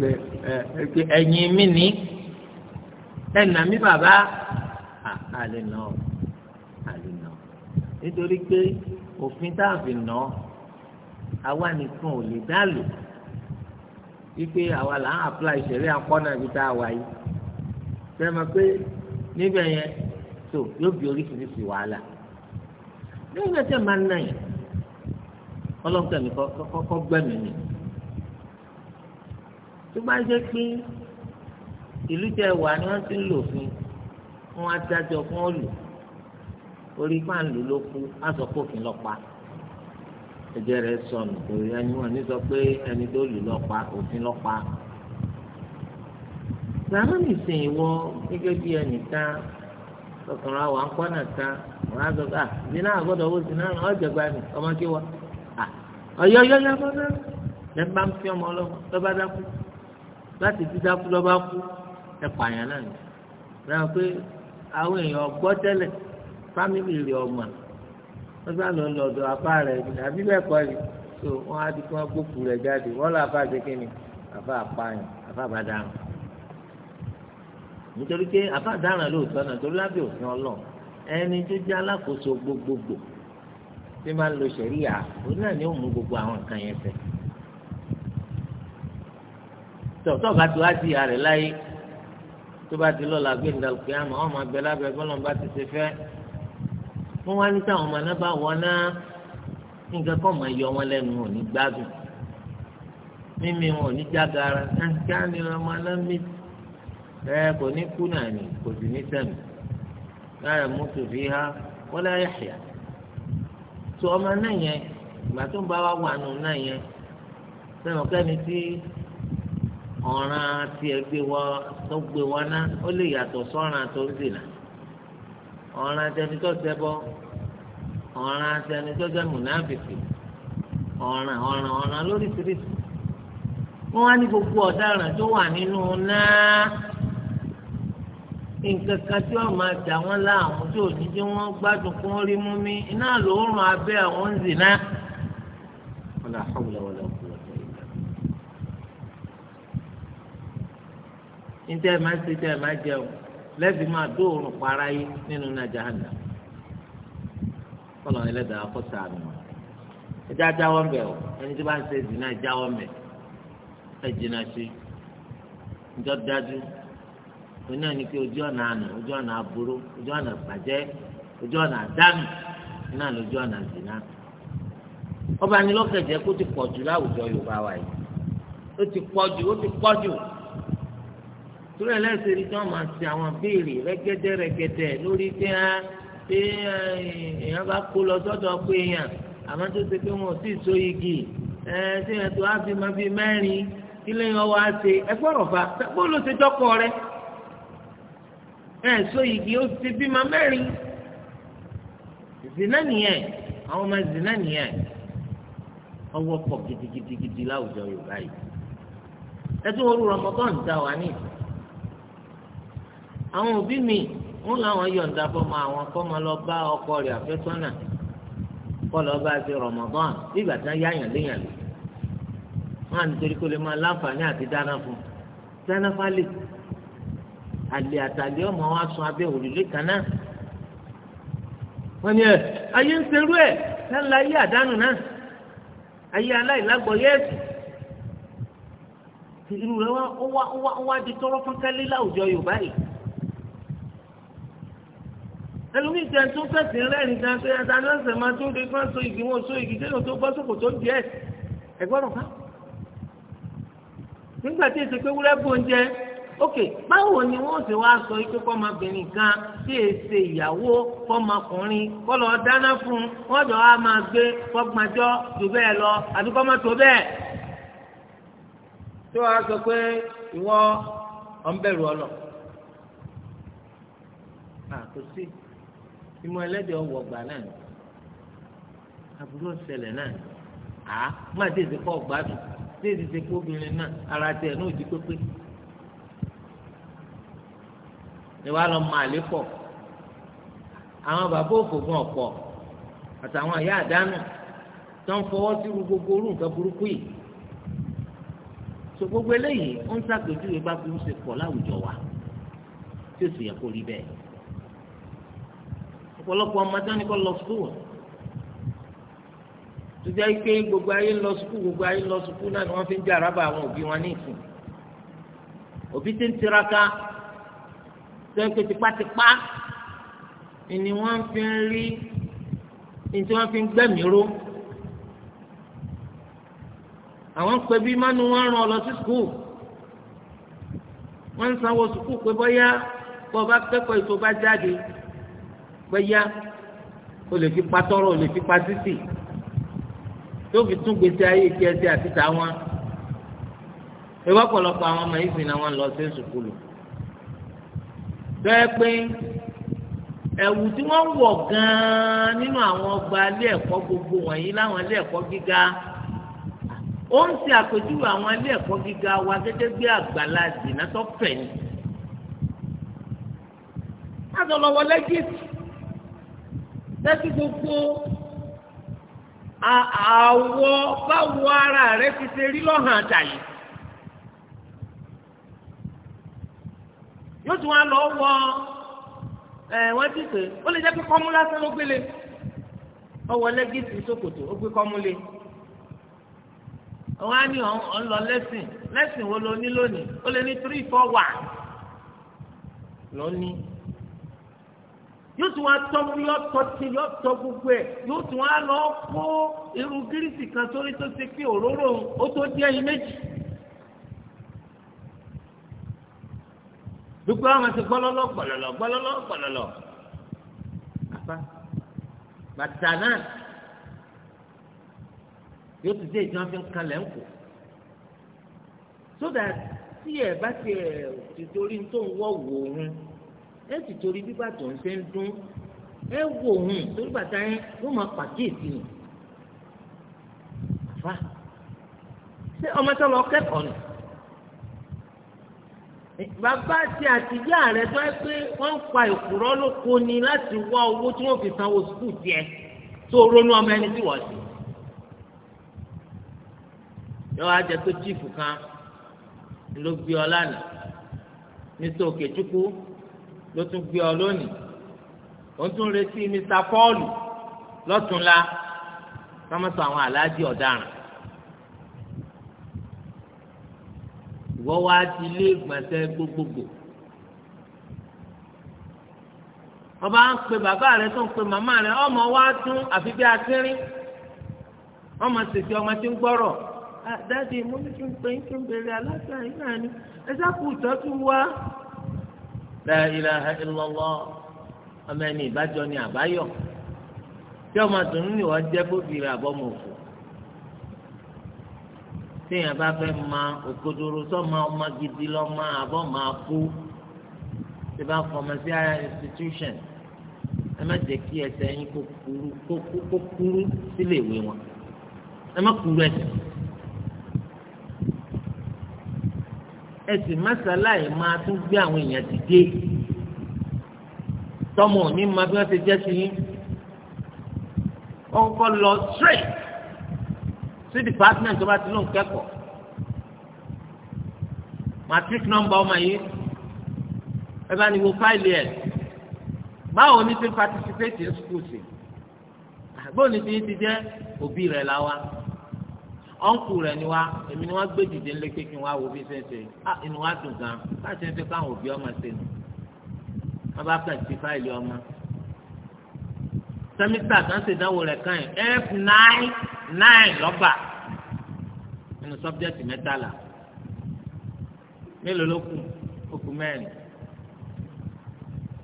lẹ ẹ ẹ̀yìn mi ní ẹ̀nà mi bàbá àlè nà ọ́ àlè nà ọ́ nítorí pé òfin tá a fi nà ọ́ nìkan ò lè dá lò wípé àwa là ń apply ìṣẹ̀lẹ̀ akọ́nà ibi tá a wà yìí fẹ́ mọ̀ pé níbẹ̀ yẹn tó yóò bí oríṣiríṣi wàhálà lẹ́yìn náà tẹ̀ máa ń nà yẹn ọlọ́nkẹ́ mi kọ́ gbẹ́mìí nìyẹn tó bá jẹ́ pé ìlú tẹ wà ni wọ́n ti ń lò fún wọn adájọ́ fún ọ lò orí máa ń lò ló kú á sọ lọ pa ẹ̀jẹ̀ rẹ̀ sọnù kò ẹni wọn ní sọ pé ẹni tó lù lọ pa òfin lọ pa sàmú nìsín ìwọ gẹ́gẹ́ bí ẹnìkan ọkùnrin àwọn akọ́nà kan wọn á sọ pé à zina àgọ́dọ̀ owó zina ọ̀jọ̀gba ni ọmọ kí wa ọ̀yọ̀yọ̀yọ̀ bọ́dọ̀ lẹ́nu bá ń fi ọmọ ọlọ́mọ tó bá dákú láti dídákú lọ́ba kú ẹ pààyàn náà ni rẹ pé àwọn èèyàn gbọ́ tẹ́lẹ̀ fámìlì rẹ̀ ọmọ wọ́n sá lọ lọ́dọ̀ apá rẹ̀ ni àbí bẹ́ẹ̀ kọ́ ni so wọ́n á di kí wọ́n gbókù rẹ̀ jáde wọ́n lọ àfa ṣe kíni àfa àpààyàn àfa àbádáhùn nítorí pé àfa àdáhùn lóòótọ́ náà torí lábẹ́ òfin ọlọ́run ẹni tó jẹ́ alákòóso gbogbogbò tí máa ń lo ṣẹ̀ríyà òun náà ni ó mú gbogbo àwọn nǹkan yẹn fẹ́ẹ́ tó bá ti wá di àrè láyé tó bá ti lọ́la gbé ndàlùkì àmọ́ ọmọ abẹ lábẹ́ bọ́lọ̀ bá ti ṣe fẹ́ wọ́n wá ní táwọn ọmọ náà bá wọ náà nǹkan kọ́ máa yọ wọn lẹ́nu òní gbádùn mímí wọn òní jágara kíá ni ọmọ náà ẹ kò ní kú náà ni kò sì ní sẹ́mi láyà mọ́tò fi há wọ́n láyà ṣìyà tó ọmọ náà yẹn ìgbà tó ń bá wa wà nù náà yẹn sẹ́wọ̀n kẹ́ni tí. ọ̀ràn tí ẹ gbé wá tó gbé wá ná ó lè yàtọ̀ sọ́ràn tó ń dènà ọ̀ràn tẹni tó ṣẹbọ ọ̀ràn tẹni tó jẹ́ mùnáfìkì ọ̀ràn ọ̀ràn ọ̀ràn lóríṣiríṣi wọ́n wá ní gbogbo ọ̀daràn tó wà nínú náà nǹkan kan tí wọ́n máa wọ́n láàmú wọ́n gbádùn níta ẹ̀ máa ń ṣe máa máa para yìí nínú náà jahanna kọ́nà ẹlẹ́dàá kọ́ sàánù jáwọ́ o ẹni tí zina jáwọ́ ẹ jìnnà sí i njọ́ dájú òun náà ní kí ojú ọ̀nà àná ojú ọ̀nà ojú ojú ọ̀nà àdánù náà lójú ọ̀nà ọba ni lọ́kẹ̀jẹ́ kó ti pọ̀ jù láwùjọ Yorùbá wa yìí torí ẹlẹ́sìn rí tí wọ́n máa ṣe àwọn béèrè rẹ́gẹ́dẹ́ rẹ́gẹ́dẹ́ lórí tí wọ́n pé ah, eh, èèyàn bá kó lọ sọ́dọ̀ pé èèyàn àmọ́ tó ṣe pé wọn ò sì so igi ẹ ṣé yẹn tó á fi máa fi mẹ́rin kí lẹ́yìn ọwọ́ á ṣe ẹ gbọ́dọ̀ fa bó ló ṣe dọ́kọ rẹ ẹ so igi ó ti bí máa mẹ́rin zina nìyẹn àwọn ọmọ zina nìyẹn ọwọ́ pọ̀ gidigidigidi láwùjọ Yorùbá yìí ẹ tún wọ́n rú Ramadan dá wa ní ìsìn àwọn òbí mi wọn làwọn yọ̀ǹda fọmọ àwọn kọ́mọ lọ bá ọkọ rẹ̀ àfẹ́sọ́nà kọ́ lọ bá ti Ramadan nígbà tí wọ́n yáyàn léyàn lò wọn à nítorí kó lè máa láǹfààní àti dáná fún dáná fálè àlè àtàlè ọmọ wa sun abẹ́ òrùlé kan náà wọ́n ní ẹ̀ ayé ń serú ẹ̀ lálẹ́ ayé àdánù náà ayé aláìlágbọ̀ yẹ́sì irú rẹ̀ wá wá wá di tọrọ fún kálí láwùjọ Yorùbá yìí ẹlòmíì jẹ tó fẹsẹ̀ rẹ́rìn gan pé ẹ̀ta ni wọ́n sẹ̀ máa tún kékeré so igi wọn so igi dénú tó bọ́ sókò tó díẹ̀ ẹ̀gbọ́n ọ̀ká. nígbà tí èsì pé wúrẹ́ bò ń jẹ ok báwo ni wọ́n sì wá sọ ikú kọ́mọbìnrin kan tí èsè ìyàwó kọ́mọkùnrin kọ́ lọ dáná fún un wọ́n jọ á máa gbé fọ́gbọ́njọ́ jù bẹ́ẹ̀ lọ àbí kọ́mọ tó bẹ́ẹ̀. tí wọ́n á sọ pé ìwọ ọ̀ ń bẹ̀rù ọ lọ. à ìmọ̀ ẹlẹ́dẹ̀ ọwọ́ gbà náà ni àbúrò ṣẹlẹ̀ náà ni à má tètè kọ́ gbádùn tètè tẹ kó obìnrin náà ara tẹ̀ náà di pépé ìwà lọ mọ àlè pọ̀ àwọn bàbá òfògùn ọ̀pọ̀ àtàwọn ìyá àdánù tó ń fọwọ́ sírú gbogbo orú nǹkan burúkú yìí so gbogbo eléyìí ó ń ṣàpèjúwe bá burú ṣe pọ̀ láwùjọ wa tí ó sì yẹ kó rí bẹ́ẹ̀ ọ̀pọ̀lọpọ̀ ọmọdé wọn ni kò lọ sùkúù tó jẹ́ pé gbogbo ayé lọ sùkúù gbogbo ayé lọ sùkúù náà ni wọ́n fi ń jẹ́ àràbà àwọn òbí wọn ní ìsìn òbí tí ń tiraka tó ń pè tipátipá ni wọ́n fi ń rí ni tí wọ́n fi ń gbẹ̀míró àwọn ń mánu wọn ràn ọ lọ sí sùkúù wọ́n ń sanwó sùkúù pé bọ́yá bọ́ bá kẹ́kọ̀ọ́ ètò bá jáde pé yá o lè fi pa o lè fi pa títì tó fi tún gbèsè ayé kí ẹsẹ àti tàwọn ewu ọ̀pọ̀lọpọ̀ àwọn ọmọ ìsìn náà wọn lọ sí sùkúlù bẹ́ẹ̀ pé ẹ̀wù tí wọ́n ń wọ̀ gan-an nínú àwọn ọgbà ilé ẹ̀kọ́ gbogbo wọ̀nyí láwọn ilé ẹ̀kọ́ gíga ó ń ṣe àpèjúwe àwọn ilé ẹ̀kọ́ gíga wa gẹ́gẹ́ bí àgbàlá dìnnà tó fẹ̀ ni. a sọ lọ wọlé gíìtì tẹ́tí gbogbo àwọ̀ báwo ara rẹ̀ ti ṣe rí lọ́hàn àjà yìí. yóò tún wá lọ wọ ẹ wọ́n ti pè ó lè jẹ́ pé kọ́mú lásán ló gbélé ọwọ́ lẹ́gìsì sókòtò ó gbé kọ́mú lé wọ́n á ní ọ̀n lọ lẹ́sìn lẹ́sìn wo ló ní lónìí ó lè ní three four one lónìí yóò tún wá tọ́ yóò tọ́ tí yóò tọ́ gbogbo ẹ̀ yóò tún wá lọ kó irun gírísì kan sórí tó ṣe pé òróró ó tó dé ẹyin méjì. dúpẹ́ àwọn ti gbọ́lọ́lọ́ gbọ́lọ́lọ́ gbọ́lọ́lọ́ gbọ́lọ́lọ́ apá bàtà náà yóò ti dé ìjọba fi ń kalẹ̀ ń kù so that tí ẹ̀ bá ti ẹ̀ tìtorí tó ń wọ́ wò ó ẹ sì torí bíbà tó ń ṣe ń dún ẹ wò hùn torí bàtà yẹn ló máa pàkíyèsí nù. àfa ṣé ọmọ tó lọ kẹ́kọ̀ọ́ nù bàbá àti àtìyá rẹ tó ẹ pé wọ́n ń pa ìkùrọ́ lóko ni láti wá owó tí wọ́n fi sanwó sùkúù tiẹ̀ tó ronú ọmọ ẹni tí wọ́n sí yọ ajẹ pé chiefu kan ló gbé ọ lánàá ní sọ òkè chukwu ló tún gbé ọ lónìí òun tún retí Mr Paul lọ́túnla sọmọsọ àwọn aláàjì ọ̀daràn ìwọ wá ti ilé ìgbọ̀nsẹ̀ gbogbogbò ọba ń pe bàbá rẹ tó ń pe màmá rẹ ọmọ wa tún àfi bí akínrín ọmọ tètè ọmọ tí ń gbọ́rọ̀ ah, dáàdi mo ní kí n pè é kí n bèrè aláṣà yìí náà ni ẹ sáà kú ìtọ́jú wa la ilaha illallah ọmọ ẹni ìbájọ ni àbáyọ tí ọmọ àtúnú ni wọ́n jẹ́ bóbìrì àbọ̀mọ̀fò téèyàn bá fẹ́ ma òkodoro sọ́ma ọmọ gidi lọ́ma àbọ̀ máa kú tí bá fọmọ sí ara institution ẹ má jẹ́ kí ẹsẹ̀ yín kó kúrú sílé ìwé wọn ẹ má kúrú ẹsẹ̀. ẹsìn mọ́sálàyé máa tún gbé àwọn èèyàn dìde tọmọ òní máa bí wọ́n ti jẹ́ sí yín ó ń kọ́ lọ straight sí department tó bá ti lóun kẹ́kọ̀ọ́ matric number ọmọ yìí ẹ bá ní wo fáìlì ẹ̀ báwo ni ti participate in school sí àgbóhùn ní ti ti jẹ́ òbí rẹ̀ la wa ọ̀nkù rẹ̀ ni wá èmi ni wọ́n gbé dìde ńlẹ́ pé kí wọ́n á wo bí ṣe ń ṣe inú wa dùn gan bá ṣe ń ṣe káwọn òbí ọmọ ṣe nù wọ́n bá kàn sí fáìlì ọmọ sẹ́mítà kan ṣe ìdánwò rẹ̀ kàn yín f nine nine lọ́gbà nínú sọ́bjẹ́tì mẹ́tàlá mélòó ló kù ó mẹ́rin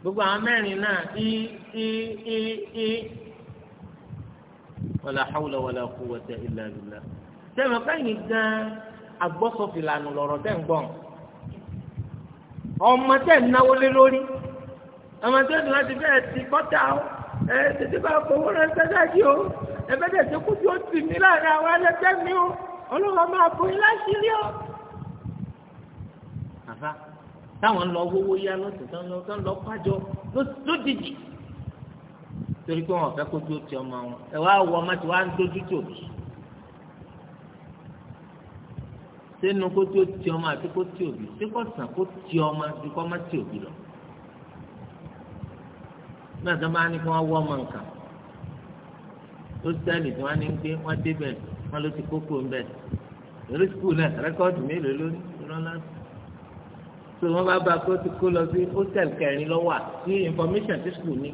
gbogbo àwọn mẹ́rin náà í í í í wàlà hàwùlà wàlà kú wọ́tẹ̀ ìlà ìlà tẹmọ káyìn gan agbọsọfìlànà lọrọ tẹ ń gbọn ọmọ tẹ ń náwó lé lórí ọmọ tẹ ń láti bẹ́ẹ̀ ti kọta o ẹ tètè bá fowó rẹ sẹdájì o ẹ bẹ tètè kú tí ó tì mí láàrin àwọn ẹlẹgbẹ́ mi o ọlọ́wọ́ máa fún yín láṣìírí o. àbá táwọn lọ wówó yá lọ́sẹ̀ tán lọ tán lọ pàjọ lójijì torí pé wọn fẹ́ kójú ti ọmọ wọn ẹ wá wọ ọmọ tí wọn á dójú tì òbí. sẹ́nu kó tí ó ti ọmọ àti kó tí òbí tí kò sàn kó tí ọmọ àti kó má tí òbí lọ. náà tó máa ní kí wọ́n wọ́ ọmọ nǹkan tó sẹ́ẹ̀lì tí wọ́n á ní gbé wọ́n débẹ̀ wọ́n ló ti kókó ń bẹ̀. lórí skul náà rẹ́kọ́ọ̀dù mélòó ló ní lọ́lá. tó wọ́n bá bá kó ti kó lọ sí hostel kẹrin lọ́wọ́ ní information ti skul ní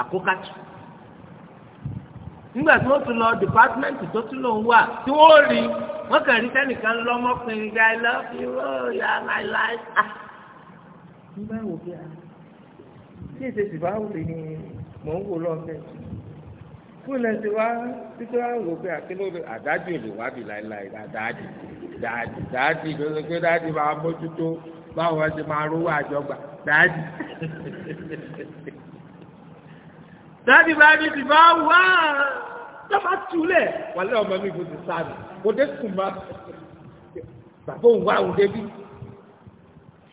àkókàtù nígbà tí wọ́n tún lọ dìpátímẹ́ǹtì tó tún lòún wà tí wọ́n rí wọ́n kàn rí sẹ́nìkan lọ́mọkùnrin gba i love you oh you are my life. nígbà wo bí a tí èsè sì bá ah, wùlé ni mò ń wò lọ́ọ̀fẹ́ fún ilẹ̀ tí wá títí wá wò pé àkínlódé ah, ah, àdájì ò lè wá bí láéláé dáàdì dáàdì dáàdì ló ṣe pé dáàdì máa mójútó báwo ẹ ti máa rówó àjọgbà dáàdì. dáàdì bá mi ti bá wà á dábà túlẹ̀ wàlẹ́ ọmọ mi kò ti sáré kò dé sùn bá bàbá òun wá òun débi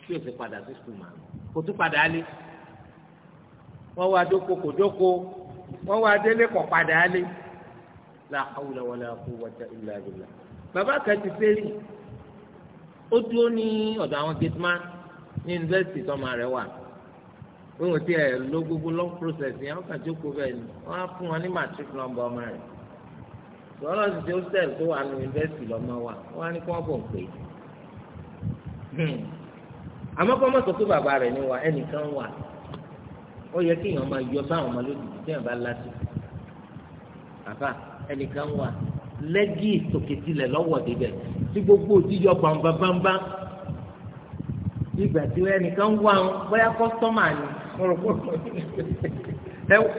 tí o ti padà sí sùn mà kò tún padà lé wọ́n wá dóko kò dóko wọ́n wá délé kò padà lé la hawla wala quwwata illa billah bàbá kan ti sẹ́rì ó dúró ní ọ̀dọ̀ àwọn gẹ́tìmá ní yunifásitì tọ́mọ rẹ̀ wà wọn ò tí ẹ lo gbogbo long process yẹn wọn kà jókòó bẹ́ẹ̀ ni wọn á fún wọn ní matric number ọmọ rẹ sọlá ti di hostel tó wà ní yunifásitì lọmọ wa wọn á ní kí wọn bọ̀ ń pè é hmm. àmọ́ kọ́ mọ́tò pé bàbá rẹ̀ ni wà ẹnìkan wà ó yẹ kí èèyàn máa yọ sáwọn ọmọ tí èèyàn bá láti bàbá ẹnìkan wà lẹ́gì tòkìtìlẹ̀ lọ́wọ́ débẹ̀ tí gbogbo òjijọ́ bàǹbàǹbàǹbà ìgbà tí ẹnìkan wà ń bóyá kọ́sọ́mà ni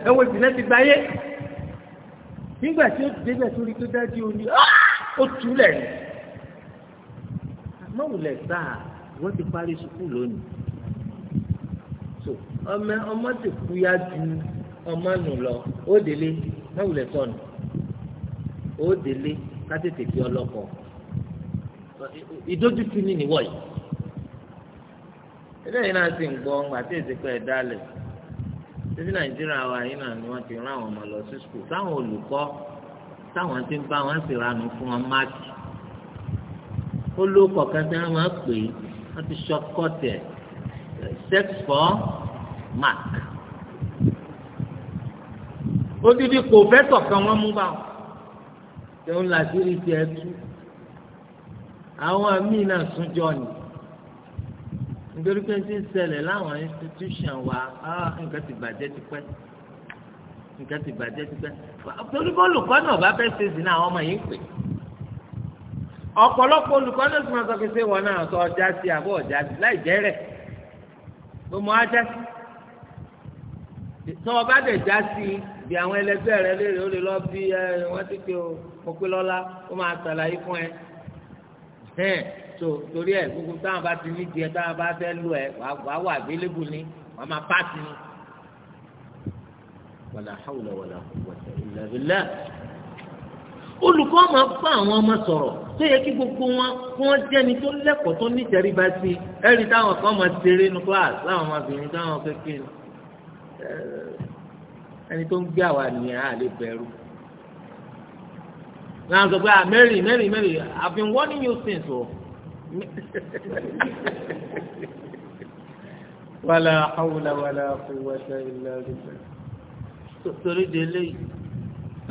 ẹwọ ìbílẹ̀ ti gbáyé nígbà tí ó débẹ̀ sórí tó dájú oní ó túlẹ̀ ní àmọ́wùlẹ̀ sáà wọ́n ti parí sukùl lónìí so ọmọ ọmọ ti kúya ju ọmọ nù lọ ó délé mọ́wùlẹ̀ sọnù ó délé ká fi ọlọ́kọ̀ ìdójútì ní nìwọ̀ eléyìí náà sì ń gbọ́ ńgbà tí èsì pẹ́ dálẹ̀ títí nàìjíríà wa yìí náà ni wọ́n ti rán àwọn ọmọ lọ sí skul táwọn olùkọ́ táwọn ti ń bá wọn sì ranù fún wọn máàkì ó ló kọ̀ọ̀kan tí wọ́n máa pè é wọ́n ti ṣọkọ́tì ẹ̀ sex for mark odidi kò fẹ́ sọ̀kan wọ́n mú bá wọn tẹ̀wọ́n làṣírí tiẹ̀ tú àwọn míì náà súnjọ́ ni nítorí pé ti ń ṣẹlẹ̀ láwọn institution wa nǹkan ti bàjẹ́ tipẹ́ nǹkan ti bàjẹ́ tipẹ́ torí bó olùkọ́ náà bá fẹ́ ṣe sìn náà àwọn ọmọ yìí ń pè ọ̀pọ̀lọpọ̀ olùkọ́ náà sì máa sọ pé ṣé wọn náà sọ ọjà sí àbọ̀ ọjà sí láì jẹ́ rẹ̀ ló mọ ajá sí tọ́ ọ bá dẹ̀ já sí bí àwọn ẹlẹgbẹ́ rẹ léèrè ó lè lọ bí wọ́n ti pe òpin lọ́la ó máa ṣàlàyé fún ẹ so torí ẹ gbogbo táwọn bá ti ní tiẹ̀ táwọn bá fẹ́ lò ẹ wàá wà available ni wàá máa pàṣẹ ni. wàlà hàwùlà wàlà quwwata illa billah. olùkọ́ máa bá àwọn ọmọ sọ̀rọ̀ tó yẹ kí gbogbo wọn kí wọ́n jẹ́ni tó lẹ́kọ̀ọ́ tó níjẹ̀ríba sí i ẹ̀rí táwọn kan máa ṣeré nu class láwọn ọmọbìnrin táwọn kékeré ẹni tó ń gbé àwa nìyẹn á lè bẹ̀rù náà sọ pé ah Mary Mary Mary I have been warning you since o. Oh wàlà àwùlà wàlà àkùwàṣà ìlà rẹ̀ torí de eléyìí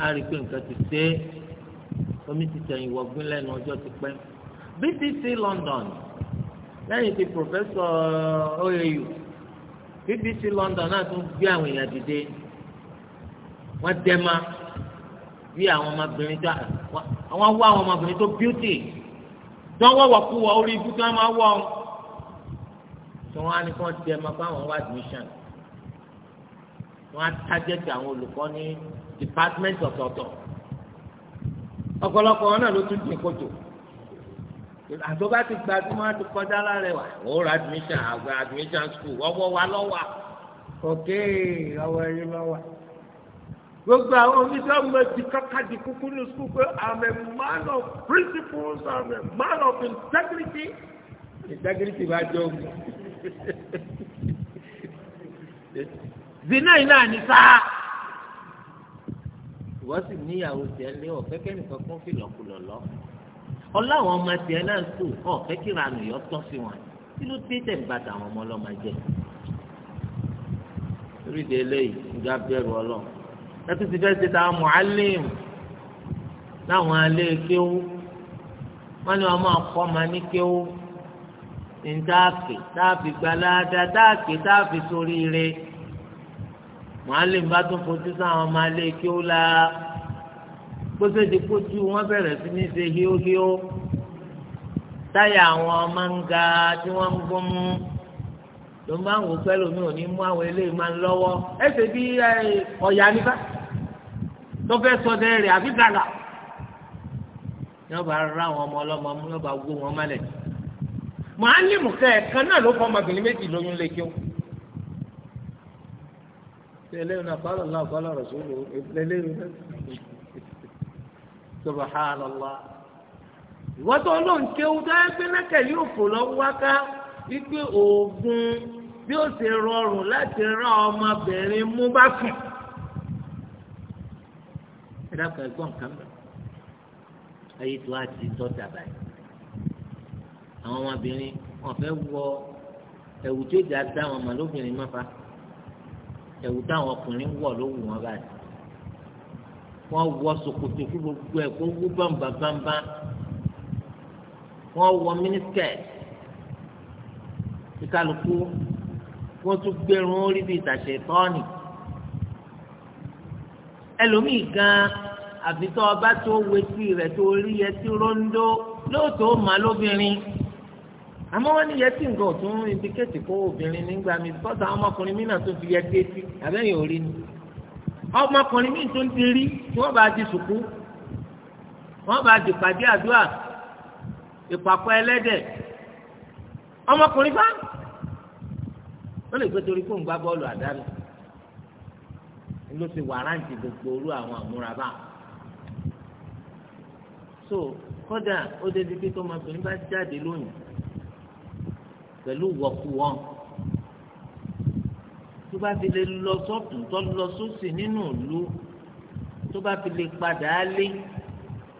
a rí i pé nǹkan ti dé omi ti tẹ̀yìn wọ̀gbìn lẹ́nu ọjọ́ ti pẹ́ BBC London lẹ́yìn tí pòfẹ́sọ̀ oyeyù BBC London náà tún gbé àwọn èèyàn dìde wọ́n dẹ́ ma bí àwọn ọmọbìnrin tó àwọn awọ àwọn ọmọbìnrin tó bíútì tí wọ́n wọ̀wọ̀ kú wọ orí ibú tí wọ́n máa wọ̀ ọ́n tí wọ́n á ní kí wọ́n ti ẹ̀ máa bá wọn wá admission wọ́n á tájẹ́tì àwọn olùkọ́ ní department ọ̀tọ̀ọ̀tọ̀ ọ̀pọ̀lọpọ̀ wọn náà ló tún dín kótó àtọ́gbà ti gba tí wọ́n á ti kọjá lárẹ̀wà ó ra admission àgbà admission school ọwọ́ wa lọ́wọ́ ok ọwọ́ yín lọ́wọ́ gbogbo àwọn onídàámọ ti kákàdí kúkú ní sukùl pé i'm a man of principles i'm a man of integrity integrity bá jọ mu zina yìí náà ní sáà wọ́n sì níyàwó tiẹ̀ lé ọ̀fẹ́ kẹ́nìkan kún fìlọ̀kulọ̀ lọ ọláwọn ọmọ tiẹ̀ náà tù ọ̀fẹ́ kíra nìyọ́ tọ́ sí wọn kí ló dé tẹ̀ ń bá tàwọn ọmọ ọlọ́mọ jẹ. oríṣi eléyìí ń já bẹ̀rù ọlọ́run ẹtù ti fẹ́ ṣe ta mùálìm láwọn alẹ́ kéwú wọ́n ní wọ́n máa kọ́ ma ní kéwú ní táàkì táàfi gbalada táàkì táàfi sórí ire mùálìm bá tún fojú sáwọn ọmọ alẹ́ kéwú la kóso ti kójú wọ́n bẹ̀rẹ̀ sí ní ṣe híóhíó táyà àwọn ọmọ ń ga tí wọ́n ń gbọ́n mú ló ń ń wò pẹ́ lómi ò ní mú àwọn eléyìí máa ń lọ́wọ́ ẹ̀sẹ̀ bí ọ̀yà nípa tó fẹ́ sọdẹ rẹ̀ àbí gàlà yóò bá rà àwọn ọmọ ọlọ́mọ mú yóò bá wó wọn mọ́lẹ̀ màálìmù kẹ́ ẹ̀kan náà ló fọ ọmọbìnrin méjì lóyún lékiw eléyìí náà kọ́ lọ́la kọ́ lọ́rọ̀ sólò eléyìí náà subhanallah ìwọ́n tó lóun kéwu tó yẹ pé nákẹ́ yóò fò lọ́wọ́ wáká wípé oògùn bí ó ṣe rọrùn láti rán ọmọbìnrin mú bá sùn dákun ẹ̀gbọ́n nǹkan bẹ ayé tó a ti tọ́ dàbà yìí àwọn ọmọbìnrin wọn fẹ́ wọ ẹ̀wù tó ìjà dá wọn mọ̀ lóbìnrin mọ́fà ẹ̀wù táwọn ọkùnrin wọ̀ ló wù wọn báyìí wọ́n wọ ṣòkòtò fún gbogbo ẹ̀ kó wú bàǹbà bàǹbà wọ́n wọ mínísítẹ̀t kíkálukú wọ́n tún gbẹrun orí bíi tàṣẹ tọ́ọ̀nì ẹlòmíì gan-an àfi tó ọba tó wetí rẹ̀ tó rí yẹtí róńdó lóòótọ́ máa lóbìnrin àmọ́ wọ́n ní yẹtí nǹkan ò tún indikéètì kó obìnrin nígbà mi bọ́sà àwọn ọmọkùnrin mi náà tó fi yẹtí etí àbẹ́yìn ò rí ni ọmọkùnrin mi tó ń ti rí tí wọ́n bá di sùkú wọ́n bá di pàdé àdúrà ìpàkọ́ ẹlẹ́dẹ̀ ọmọkùnrin bá wọ́n lè gbé torí kó gbá bọ́ọ̀lù àdánù ló ti wàrántì gbogbo orú àwọn àmúra báà so kódà ó débi pé tọmọbìnrin bá jáde lónìí pẹ̀lú wọ̀kúwọ́n tó bá fi lè lọ sọ́tún tó lọ sósì nínú ìlú tó bá fi lè padà á lé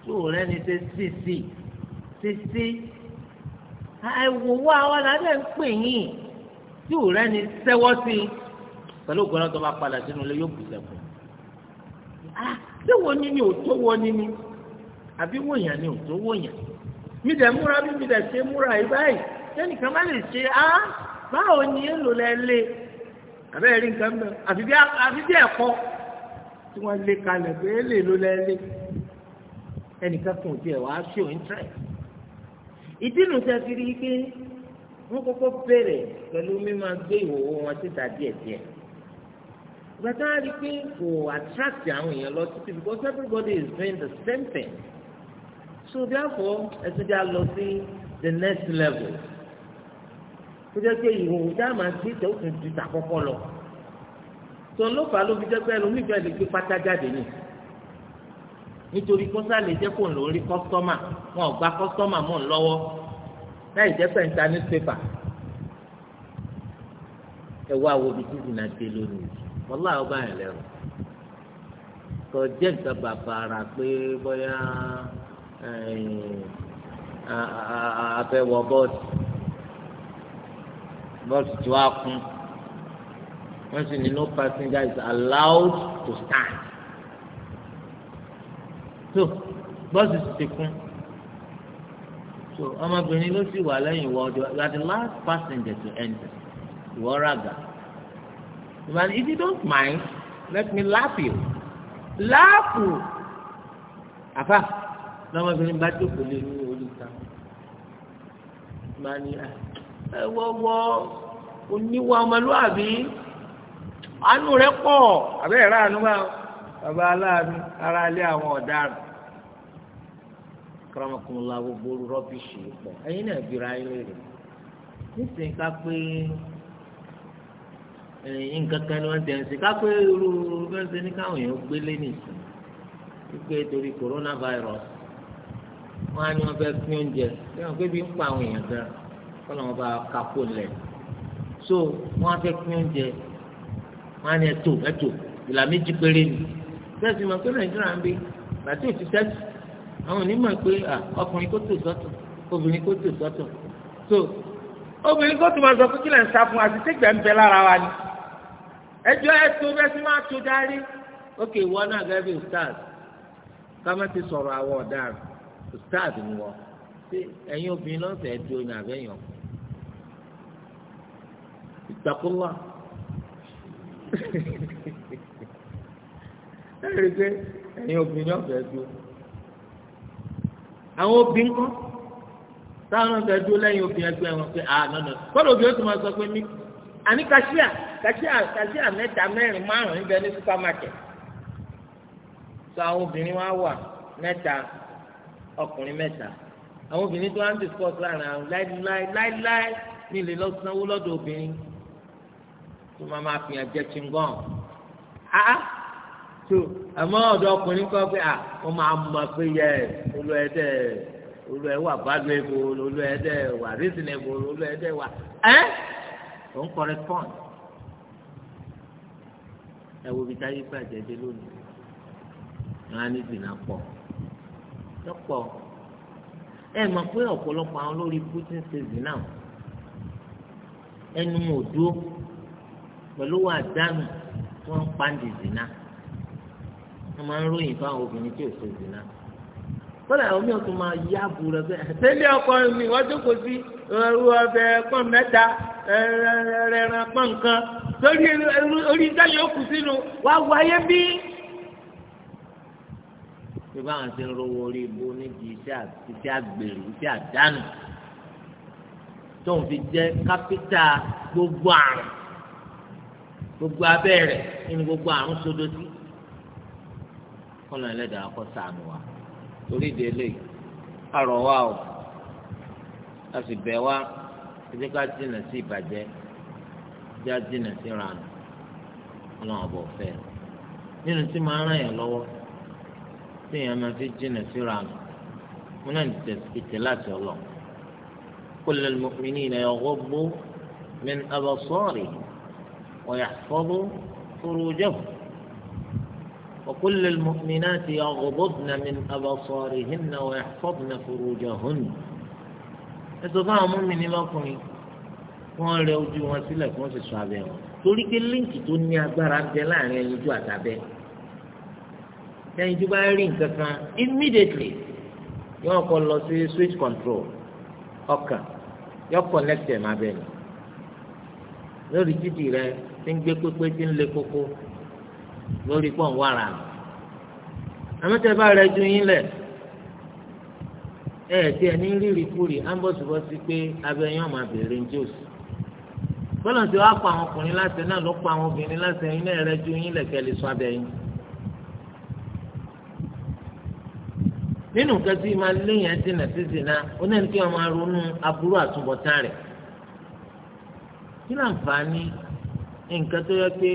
tó rẹ́ni ṣe sísì sísì àìwò wá wa lálẹ́ ń pè yín tí ò rẹ́ni sẹ́wọ́ sí i pẹ̀lú ògbọ́n tó bá padà sínú ilé yóò bù sẹ́kù. Ah, ṣé wo ni ni ò tó wo ni ni àbí wòyàn ni ò tó wòyàn mi dẹ̀ múra bí mi dẹ̀ ṣe múra yìí báyìí sẹ́nìkan má lè ṣe á báwo ni èlò lẹ lé àbẹ́rẹ́ rí nǹkan mọ́ àfi bí ẹ̀kọ́ tí wọ́n lé kalẹ̀ pé èlè ló lẹ lé ẹnìkan kan ò tiẹ̀ wá ṣó interest ìdí nu tẹ́ fi rí i pé wọ́n kọ́kọ́ bẹ̀rẹ̀ pẹ̀lú mímọ gbé ìwòwò wọn síta díẹ̀díẹ̀ gbàtà rí i pé kò attract àwọn èèyàn lọ títí because everybody is doing the same thing so therefore ẹsẹ̀ jẹ́ àlọ́ sí the next level tó jẹ́ pé ìhòòhò tá a máa gbé tẹ̀ ó tún ju tàkọ́kọ́ lọ tó ń lọ́fà ló fi jẹ́ pé ẹlòmíì fẹ́ lè gbé pátá jáde nì nítorí kọ́sá lè jẹ́ kó ń lò rí kọ́sítọ́mà wọn ò gba kọ́sítọ́mà mọ́ ń lọ́wọ́ láì jẹ́ pé ń ta newspaper ẹ wá wo bí títí náà dé lónìí wọ́lá ọba yẹn lẹ́rù kò jẹ́ nǹkan bàbàrà pé bóyá afẹwọ bọọsì bọọsì tí wàá kún wọn sì ní no passenger is allowed to stand so bọọsì sì ti kún so ọmọbìnrin ló sì wà lẹ́yìn ìwọ ọjọ́ you are the last passenger to enter ìwọ ràgà but if you don't mind let me laugh you laugh you. àfà lọ́mọbìnrin bá jókòó lé ní orí ta máa ní ah, ẹ wọ́wọ́ oníwà ọmọlúwàbí àánú rẹ pọ̀ àbẹ́ ẹ̀rọ àánú bá bàbá aláàánú ara ilé àwọn ọ̀daràn kọ́mọkùnrin làwọn gbòòrò rọ́bìṣì pọ̀ ẹ̀yin náà bìrọ̀ ayé lè nísìnyí ká pé nǹkan ni wọ́n tẹ̀ ń sìn ká pé irú fẹ́ǹsì ní káwọn èèyàn gbélé nìsín wípé torí coronavirus wọn á ní wọn fẹ́ pín oúnjẹ bí wọn pé bí ń pa àwọn èèyàn gan kọ́ làwọn bá kakó lẹ̀ so wọn á fẹ́ pín oúnjẹ wọn á ní ẹ̀tọ́ ẹ̀tọ́ ìlà méjì péré ni bẹ́ẹ̀sì mọ̀ pé nàìjíríà ń bí bàtí ò ti tẹ́sí àwọn onímọ̀ pé ọkùnrin kó tò sọ́tọ̀ obìnrin kó tò sọ́tọ̀ so obìnrin kó tò máa sọ fún kílẹ̀ ń sá fún àti tẹ́gbẹ̀ẹ́ ń bẹ lára wa ni ẹjọ́ ẹ tó bẹ́ẹ̀ sì máa tó dárí ókè ìwọ náà gẹ́gẹ́ bí stars ká sọ̀rọ̀ àwọ̀ ọ̀daràn ustaz ni wọ́n ṣé ẹ̀yin obìnrin náà fẹ́ẹ́ dúró ní abẹ́yàn ìtakùnlá ẹ̀rí pé ẹ̀yin obìnrin náà fẹ́ẹ́ dúró àwọn obìnrin kan táwọn náà fẹ́ẹ́ dúró lẹ́yìn obìnrin ẹgbẹ́ wọn pé ah nọ́nà kọ́lọ̀ obìnrin tó máa sọ pé mí àní kàṣíà kàṣíà kàṣíà mẹ́ta mẹ́rin márùn-ún ní supermarket sọ àwọn obìnrin wa wà mẹ́ta ọkùnrin mẹ́ta àwọn obìnrin tó wá ń discuss láàrin àwọn láíláí láíláí ní ilé lọ́sánwó lọ́dọ̀ obìnrin tó máa máa fi hàn jẹ́ chingon áá tó àmọ́ ọ̀dọ̀ ọkùnrin kọ́ pé à wọ́n máa mọ̀ pé yẹ olú ẹ̀dẹ́ olú ẹ̀ wà valuable olú ẹ̀dẹ́ wà reasonable olú ẹ̀dẹ́ wà ẹ́ òun correspond ẹ wo ibi táyé bàjẹ́ dé lónìí wọn á ní ìdènà pọ̀ lọ́pọ̀ ẹ mọ̀ pé ọ̀pọ̀lọpọ̀ àwọn lórí putin ṣèṣì náà ẹnu mọ̀ dúró pẹ̀lú wà dánù tí wọ́n ń pa ń dìzì náà wọ́n máa ń ròyìn fáwọn obìnrin tí ò ṣèṣì náà kọ́lá àwọn mí ọ̀tún máa yá bu rẹ̀ bẹ́ẹ̀. tẹ́lẹ̀ ọkọ mi wọ́n jókòó sí ọbẹ̀ pọ́n mẹ́ta ẹ̀rẹ̀rẹ̀ pọ́n nǹkan lórí orí dáyọ̀ kù sínú wàá wáyé bíi pé báwọn ti ń rówó orí ibo níbi iṣẹ́ àgbèrè iṣẹ́ àdánù tóun fi jẹ́ kápítà gbogbo àrùn gbogbo abẹ́rẹ́ nínú gbogbo àrùn sódò sí kọ́nà ẹlẹ́dàá kọ́ sànù wa torí ìdílé àrọ̀ wa o a sì bẹ̀ wá ẹjẹ́ ká dínà sí ìbàjẹ́ ẹjẹ́ dínà sí ìranù ọlọ́run ọ̀bọ̀ fẹ́ nínú tí máa ràn yàn lọ́wọ́. téèyàn máa fi jìnnà síra nù wọn náà ti tètè láti ọlọ kólé mọ̀mìnì náà yọ̀gọ́ bó min abasọ́ọ̀rì ويحفظوا فروجهم وكل المؤمنات يغضضن من أبصارهن ويحفظن فروجهن ẹsọfún àwọn mọ́mìnì lọ́kùnrin wọ́n rẹ ojú wọn sílẹ̀ kí wọ́n sì sọ abẹ́ wọn torí pé líǹkì tó ní agbára ń bẹ láàrin ẹyin ojú àtàbẹ́ lẹ́yìn tó bá rí nǹkan kan immediately yóò kọ́ lọ sí switch control ọkàn yóò connect ẹ̀ máa bẹ̀rẹ̀ lórí títì rẹ ti ń gbé pépé ti ń le koko lórí pọ̀ ń wàrà àmọ́tẹ́bá rẹ ju yín lẹ̀ ẹ tí ẹ ní rírì kúrì ámbọ̀sibọ́sí pé abẹ́yẹn ọmọ àbẹ̀rẹ̀ ń jòsì bọ́lá tí wàá pa àwọn ọkùnrin láti náà ló pa àwọn obìnrin láti ẹ̀yin náà rẹ ju yín lẹ̀kẹ́ lè sọ abẹ́yìn nínú nǹkan tí máa léyìn ẹtì náà ti zina ó náà ní kí wọn máa ronú aburú àtúbọ̀tán rẹ̀ kí láǹfààní nǹkan tó yẹ pé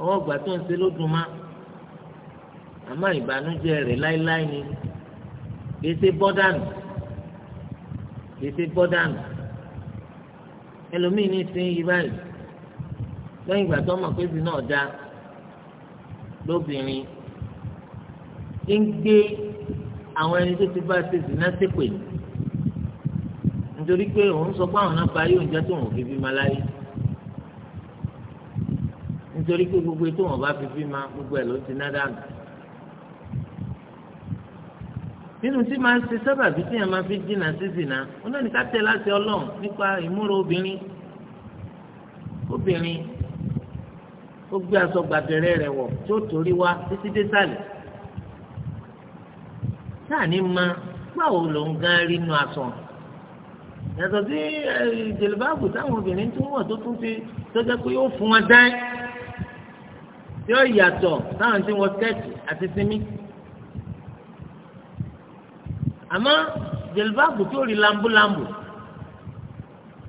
ọwọ́ ìgbà tó ń ṣe ló dùn má àmọ́ ìbànújẹ́ rẹ̀ láéláé ni kì í ṣe bọ́dànù kì í ṣe ẹlòmíín ní sin yí báyìí lẹ́yìn ìgbà tó mọ̀ pé zina ọ̀dà lóbìnrin ń gbé àwọn ẹni tó ti bá ṣe zina ṣépè ní nítorí pé òun sọ pé àwọn náà parí oúnjẹ tó wọn fi fi máa láyé nítorí pé gbogbo tó wọn bá fi fi máa gbogbo ẹ̀ ló ti ná dànù nínú tí máa ń ṣe sábàbí tí yẹn máa fi jìnnà sí zina wọn náà ní ká tẹ láti Ọlọ́run nípa ìmúra obìnrin obìnrin ó gbé aṣọ gbàgbẹrẹ rẹ̀ wọ̀ tí torí wá títí dé sàlẹ̀ táàní ma báwo ló ń gan rí inú aṣọ yàtọ̀ sí jèlébáàbù táwọn obìnrin tún wọ̀ tó tún ti tọ́jà pé ó fún wọn dán yóò yàtọ̀ táwọn tí wọ́n skẹ́ẹ̀tì àti sinmi àmọ́ jèlébáàbù tó rí lambúlambù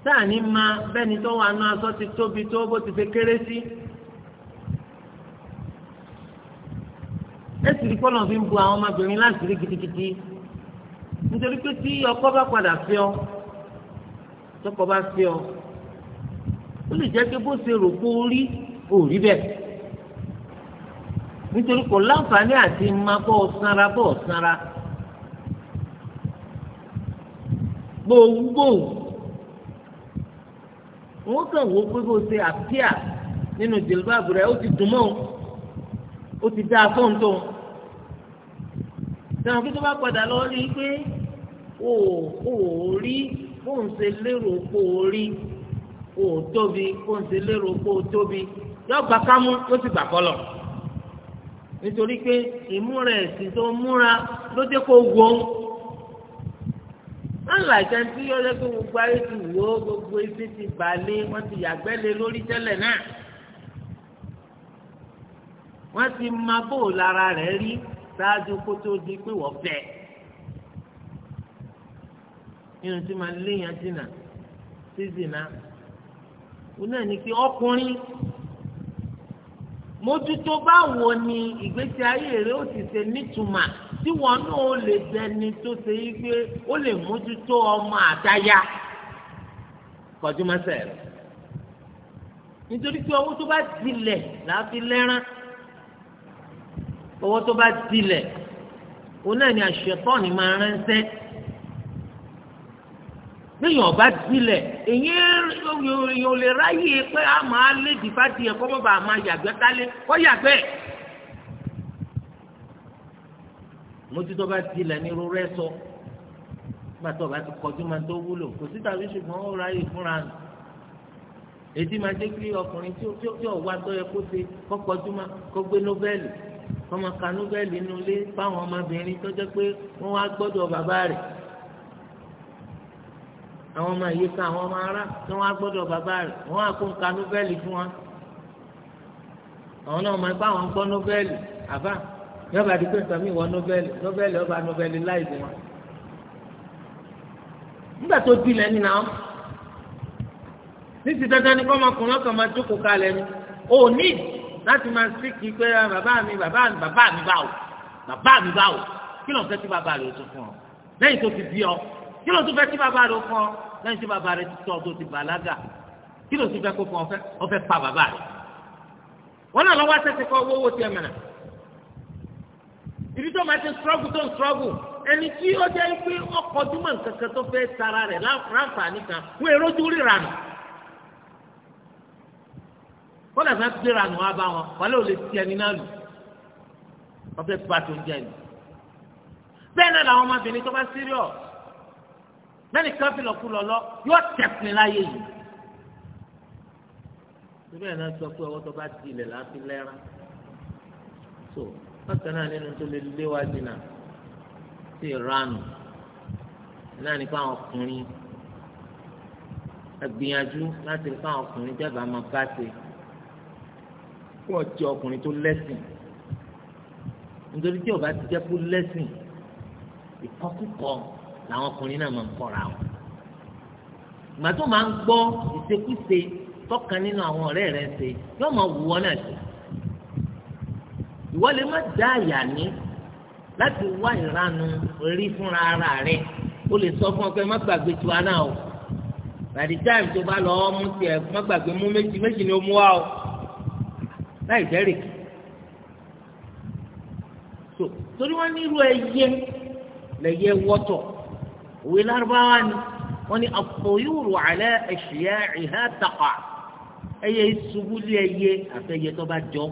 táàní ma bẹ́ni tó wà nú aṣọ ti tóbi tó bó ti ṣe kéré sí. Si ẹsì rí kọ́nà fi ń bu àwọn ọmọbìnrin láti rí kitikiti nítorí pé tí ọkọ bá padà fi ọ tọkọ bá fi ọ ó lè jẹ́ pé bó ṣe rò pé ó rí ò rí bẹ́ẹ̀ nítorí kò láǹfààní àti máa bọ́ sanra bọ́ sanra gbòógbòó wọ́n kàn wọ́n pé bó ṣe àpíà nínú jìlbáàbù rẹ̀ ó ti dùn mọ́ ọ́n ó ti dáa fóun tó sẹ́wọ̀n kí tó bá padà lọ rí i pé o ò rí fóun ṣe lérò pé o rí o ò tóbi fóun ṣe lérò pé o tóbi yóò gbà kámú ló sì gbà kọlọ nítorí pé ìmúra ẹ̀sìn tó múra ló dé kó wọ ó ńlá ìtàn tí yọ lẹ́kọ̀ọ́ gbogbo ayé ti wò ó gbogbo ibi ti bà lé wọ́n ti yàgbẹ́ lé lórí tẹ́lẹ̀ náà. wọ́n ti ma bóòlù lara rẹ̀ rí ṣáájú kó tó di pé wọ́n fẹ́ nínú tí máa léèyàn dínà sí zina ó náà ní pé ọkùnrin mójútó báwo ni ìgbésí ayé rẹ ó ti ṣe nítumà tí wọn náà ó lè dẹni tó ṣe yí pé ó lè mójútó ọmọ àdáyà kọjú mọ́sẹ̀ rẹ̀ nítorí pé owó tó bá tilẹ̀ làá fi lẹ́rán. owó tó bá dilẹ̀ o náà ni àṣetọ́ ni máa ránṣẹ́ lẹ́yìn ọba dilẹ̀ èyí èyàn lè ráyè pé a máa lé dìbà tiẹ̀ kọ́ bàbá àmà yàgbẹ́ kálé kọ́ yàgbẹ́ mójútó bá dilẹ̀ ní irú rẹ sọ gbàtọ̀ bá ti kọjú máa tó wúlò kò sí tàbí ṣùgbọ́n ó ráyè fúnra nù èdè máa jẹ́ kí ọkùnrin tí ó wá tó yẹ kó ṣe kó kọjú máa kó gbé nobẹ́ẹ̀lì wọ́n máa kanú bẹ́ẹ̀lì inú ilé fáwọn ọmọbìnrin tó jẹ́ pé wọ́n wá gbọ́dọ̀ bàbá rẹ̀ àwọn ọmọ ìyíká àwọn ọmọ ará tí wọ́n wá gbọ́dọ̀ bàbá rẹ̀ wọ́n á kó kanú bẹ́ẹ̀lì fún wọn àwọn náà máa bá wọn gbọ́ nọ́bẹ́ẹ̀lì àbá yọba àti pé nǹkan mi wọ nọ́bẹ́ẹ̀lì nọ́bẹ́ẹ̀lì ọba nọ́bẹ́ẹ̀lì láì bí wọn. nígbà tó di lẹ́ni náà ní ti dandan ni kọ́ ọmọkùnrin máa jókòó kalẹ̀ ni òní láti máa síkì pé ah, bàbá mi bàbá mi bàbá mi báwo bàbá mi báwo kí ló ń fẹ́ tí bàbá rẹ̀ tó fún ọ lẹ́yìn tó ti bí ọ kí ló tún fẹ́ tí bàbá rẹ̀ fún ọ lẹ́yìn tí bàbá rẹ̀ ti tọ́ tó ti bàlágà kí ló tún fẹ́ kó fún ọ fẹ́ ọ fẹ́ pa bàbá rẹ̀ wọn náà lọ́wọ́ sẹ́sẹ́ kọ́ owó owó tiẹ̀ mẹ́rin ìdí tó máa ti struggle tó ń struggle ẹni tí ó jẹ́ pé ọkọ̀ dúmọ̀ nǹkan kan tó fẹ́ tara rẹ̀ láǹfààní kan wọ́n èrò ojú ríra nù kọ́lá fẹ́ gbéra nù wá bá wọn wọlé ò lè ti ẹni náà lù wọ́n fẹ́ pa tó ń jẹ ni. bẹ́ẹ̀ náà làwọn ọmọbìnrin tó bá serious mẹ́rin kan fi lọ́kù lọ́lọ́ yóò tẹ̀sìn láyé yìí. bẹ́ẹ̀ náà sọ pé ọwọ́ tó bá di ilẹ̀ láti lẹ́ra so bákan náà nínú tó lè léwá dínà sí ìranù náà nípa àwọn ọkùnrin agbìyànjú láti nípa àwọn ọkùnrin jẹ́ bá máa bá ṣe kó o jẹ ọkùnrin tó lẹ́sìn nítorí tí o bá ti jẹ́ kó lẹ́sìn ìkọkúkọ làwọn ọkùnrin náà máa ń kọ́ra wọn ìgbà tó máa ń gbọ́ ìṣekúṣe tọ́kan nínú àwọn ọ̀rẹ́ rẹ̀ ṣe yóò máa wù wọ́n náà ṣe ìwọ lè má dá àyà ní láti wá ìranu rí fúnra ara rẹ o lè sọ fún ọ pé má gbàgbé tiwa náà o by the time tó bá lọ mú tiẹ̀ má gbàgbé mú méjì méjì ni ó mú wá o láì jẹ́rìí kì so torí wọ́n ní irú ẹyẹ lẹ́yẹ wọ́tọ̀ òwe lárúbáwá ni wọ́n ní àpòyúrò alẹ́ ẹ̀ṣìyà ìhà tàkà ẹyẹ ìṣubúlé ẹyẹ àfẹyẹ tó bá jọ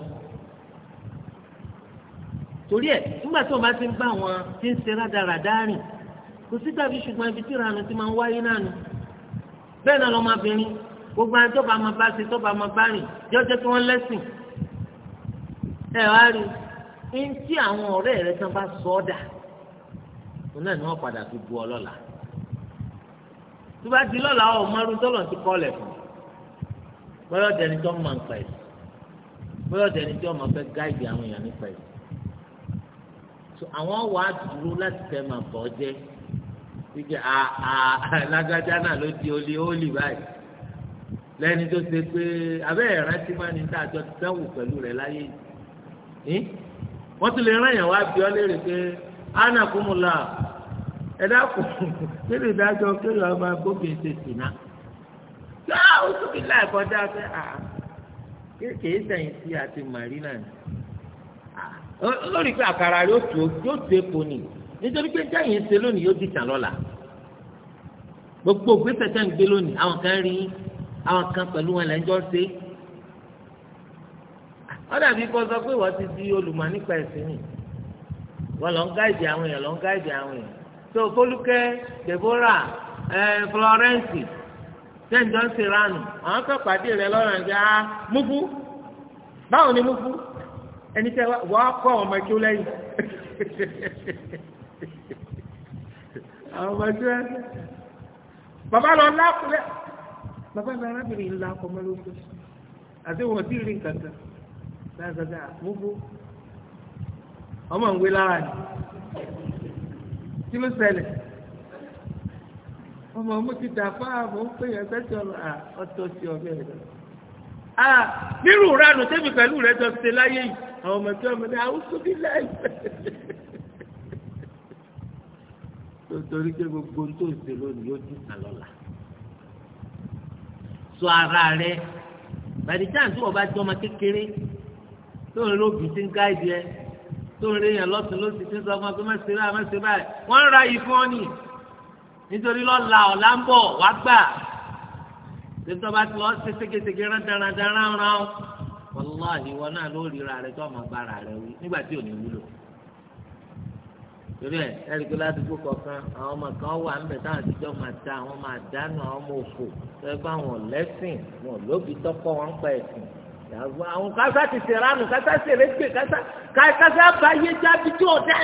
torí ẹ nígbà tí wọ́n bá ti ń bá wọn ti ń ṣe rádaràdá rìn kò sí tàbí ṣùgbọ́n ibi tí ìranù ti máa ń wáyé náà nù bẹ́ẹ̀ náà lọ́mọbìnrin gbogbo àwọn máa bá ṣe tó máa bá rìn jọ́jọ́ tí wọ́n lẹ́sìn ẹ wá rí i ń tí àwọn ọ̀rẹ́ rẹ tán bá sọ ọ́ dà òun náà ni wọ́n padà fi bu ọ lọ́la tó bá di lọ́la ọ̀ mọ́rú tọ́lọ̀ ti kọ́lẹ̀ fún bọ́lá ọ̀dẹni tó ń mọ̀ nípa ẹ̀ bọ́lá ọ̀dẹni tó ń mọ̀ fẹ́ gáìdì àwọn èèyàn nípa ẹ̀ so àwọn wà á dúró láti fẹ́ máa bọ̀ ọ́ jẹ́ wíkẹ́ àà lágbájá náà ló di olè ólì báyìí lẹ́ni tó ṣe pé abẹ́ ẹ̀rántí máa ní tá a jọ ti dánwò pẹ̀lú rẹ̀ láyé yìí Eh? wọ́n tún lè rán yàn wá bí ọ léèrè pé ana kúmùlà ẹ dákun kéde ìdájọ́ kéèyàn ọba gbóbi ṣe sì ná yá o tún fi láì kọjá fẹ́ à kéèké sẹ́yìn sí àti marina ni lórí pé àkàrà rẹ̀ yóò tó epo ni nítorí pé jẹ́yìn ṣe lónìí yóò dìtà lọ́la gbogbo ògbésẹ̀ tẹ́ ń gbé lónìí àwọn kan rí àwọn kan pẹ̀lú wọn lẹ́jọ́ ṣe wọ́n dàbí kó sọ pé wọ́n ti di olùmọ̀ nípa ẹ̀sìn mi wọ́n lọ ń gáìdì àwọn èèyàn lọ ń gáìdì àwọn èèyàn tó Fọlúkẹ́ Deborah ẹ Florence Saint John seranu àwọn kan pàdé rẹ lọ́rọ̀ ẹ̀ á múfú báwo ni múfú ẹni tẹ wọ́n kọ́ àwọn ọmọ ẹ̀kíw lẹ́yìn àwọn ọmọ ẹ̀kíw lẹ́yìn bàbá lọ lápò lẹ́ bàbá mi arábìnrin ńlá ọmọ lóko àti wọn ti rí nǹkan kan láti sọ gbogbo ah, ọmọ ìwé lára ni kí ló ṣẹlẹ̀ ọmọ ọmọ ti dà fáàmù ń pè yẹn sẹ́tì ọ̀rọ̀ à ọ̀tọ̀ sí ọ̀bẹ rẹ̀. a ah, nírú ránù tẹ́mi pẹ̀lú rẹ̀ jọ ṣe láyé yìí àwọn ọmọ ẹgbẹ́ ọmọ ní àwùjọ bí láì torí pé gbogbo tó ń lónìí yóò dín àlọ́là sọ ara rẹ bàdìjáǹtì ọba jọmọ kékeré tó ń lóbi tí ń ká ìdí ẹ tó ń réyàn lọ́sùn lọ́sì tí ń sọ fún ọ pé mẹ́sẹ̀ báyìí mẹ́sẹ̀ báyìí wọ́n ń ra yìí fún ọ nì nítorí lọ́la ọ̀la ń bọ̀ wá gbà tètè bá ti lọ ṣe ségesège rán dáradára rán ọ wàláhì wọn náà ló ríra rẹ tó ọmọ bára rẹ wí nígbà tí ò ní wúlò torí ẹ ẹrìkí ládùúgbò kọ̀ọ̀kan àwọn ọmọ kan wà níbẹ̀ táwọn àtijọ́ máa da àwọn máa dánù àwọn ọmọ òfò tó ẹ bá wọn lẹ́sìn wọn lóbi tọ́kọ wọn pa ẹ̀sìn àwọn kásá ti ṣe ránù kásá ṣe rẹ́gbè kásá kásá bá yé jábí tí ọ̀dá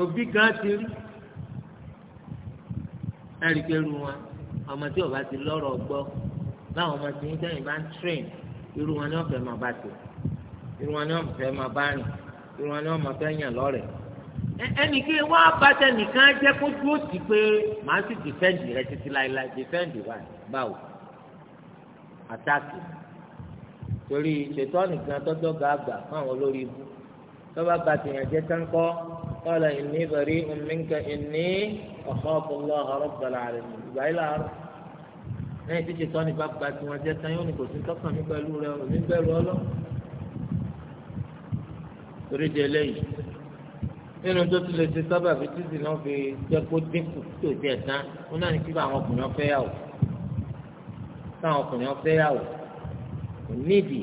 òbí gan ti rí ẹ̀ríkẹ́rù wọn ọmọ tí ọba ti lọ́rọ̀ gbọ́ báwọn ọmọ tí ń sẹ́yìn bá ń tírìn irú wọn ni wọ́n fẹ́ máa bá tẹ̀ irú wọn ni wọ́n fẹ́ máa bá rìn irú wọn ni wọ́n máa fẹ́ yàn lọ́rẹ̀. ẹnì kí wọ́n abatẹ nìkan jẹ́ kó dúró sí pé màá sì dìfẹ́ǹdì rẹ títí láéláé dìfẹ́ǹdì wa báwo àtàkì torí ṣètọ́ nìkan tọ́jọ́ gàgbà fún àwọn olórí ibú tọ́ba bá tìyàn jẹ́ táńkọ́ ọ̀la ìní bẹ̀rẹ̀ ọ̀mìnkà ìní ọ̀fọ́ ọ̀pọ̀lọ́ ọ̀rọ̀ bẹ̀rẹ̀ àrẹ̀ ìgbà yìí làárọ̀ lẹ́yìn tí ṣètọ́ ní bá bá tìyàn jẹ́ tán yóò ní kò sí tọ́kàn mi pẹ̀lú rẹ òní bẹ̀rù ọlọ́ torí di eléyìí nínú tó ti lè ṣe sábà fi títì náà fi jẹ́ kó dínkù tó jẹ́ tán ó náà ní kí kò nídìí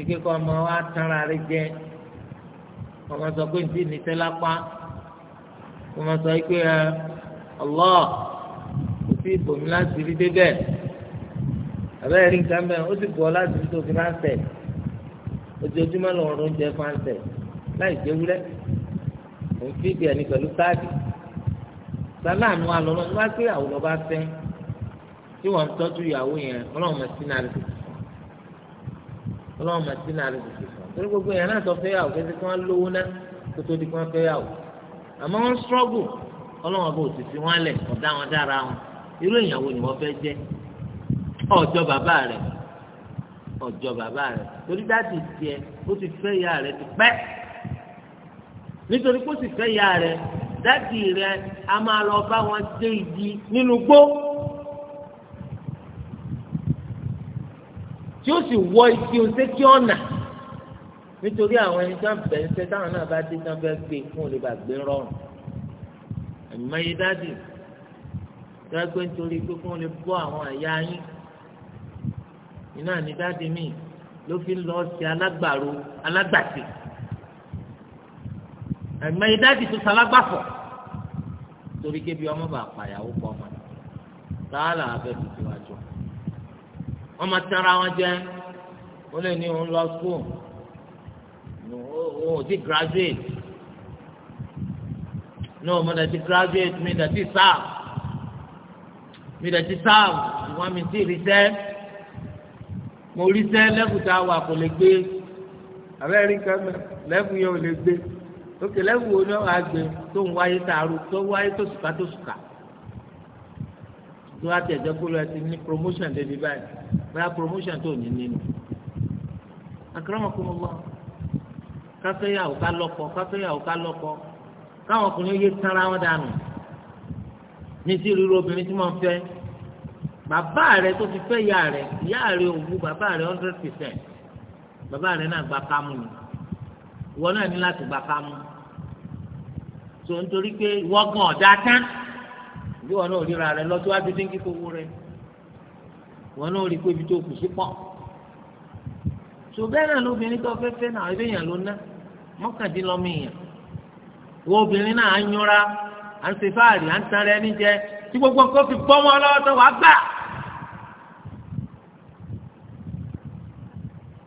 ike kọ́ ọmọ wa tánra rẹ jẹ ọmọ sọ pé ntí ní tẹ́lápá ọmọ sọ pé ẹ ọlọ́ kò sí ìbòmí láti rí débẹ̀ àbẹ́rẹ́ rí nǹkan mẹ́rin ó sì bọ̀ láti rí tòfin láǹtẹ̀ ojoojúmọ́ lọ́wọ́ ló ń jẹ fáǹtẹ̀ láì jẹ́ wúlẹ́ òun fìdí ẹni pẹ̀lú káàdì sálàánú alọ́lọ́ wá sí àwọn ọba fẹ́ tí wọ́n ń tọ́jú ìyàwó yẹn ọlọ́run mọ̀ sínú àdìsí ọlọ́run màtí náà lè tètè fún un torí gbogbo èèyàn náà sọ fẹ́ yà wò kí wọ́n lówó ná kó tó di kí wọ́n fẹ́ yà wò àmọ́ wọ́n strọ́gù ọlọ́run ọba òtún fi wọ́n lẹ̀ ọ̀dá wọn dára wọn irú ìyàwó ni wọ́n fẹ́ jẹ́ ọjọ́ bàbá rẹ̀ ọjọ́ bàbá rẹ̀ torí dáàdì tiẹ̀ ó ti fẹ́ yà rẹ̀ ti pẹ́ nítorí kó sì fẹ́ yà rẹ̀ dáàdì rẹ̀ a máa lọ bá wọn dé igi nínú gbó. tí ó sì wọ ibi ọ̀sẹ̀ kí ọ̀nà nítorí àwọn ẹni tó ń bẹ̀ ń sẹ́ táwọn náà bá dé tán fẹ́ gbé e fún olè bá gbé rọrùn ẹ̀mọ́ yìí dádì dágbé e nítorí pé fún olè bọ́ àwọn àyà yín iná ní dádì míì ló fi ń lọ sí alágbàro alágbàtì ẹ̀mọ́ yìí dádì tó salágbàfọ̀ torí kébi ọmọ bàa pàyàwó pọ̀ ọmọ tààlà abẹ́ tuntun àjọ wọ́n máa tẹ́ra wọn jẹ́ ó lè ní òun lọ school òun ò ti graduate no mo dàti graduate mi dàti serve mi dàti serve ìwọ́n mi ti rí sẹ́ mo rí sẹ́ lẹ́kùtà wà kò lè gbé abẹ́ rí nǹkan mẹ́ lẹ́kùn yẹn ò lè gbé òkè lẹ́kùn wo ni wọ́n á gbé tó ń wáyé tààrú tó ń wáyé tó sùkà tó sùkà tí wọ́n á tẹ̀ jẹ́kúrú ẹ ti ní promotion débi báyìí bóyá promotion tó ní nínú. akramakumullah káfíyàwó ká lọ́kọ káfíyàwó ká lọ́kọ káwọn ọkùnrin yé tán ara wọn dànù ní sí ríro obìnrin tí wọ́n fẹ́ bàbá rẹ tó fi fẹ́ ìyá rẹ ìyá rẹ òwú bàbá rẹ hundred percent bàbá rẹ náà gba kámú ni ìwọ náà ní láti gba kámú tó nítorí pé ìwọ gan ọ̀dá tán. bí wọn náà ríra rẹ lọ rẹ wọn náà rí tó kù sí ṣùgbọ́n náà lóbìnrin tó fẹ́ fẹ́ náà ló ná obìnrin náà á ń fáàrí ń tan rẹ níjẹ tí gbogbo nǹkan fi bọ́ wọn lọ́wọ́ tó wàá gbà.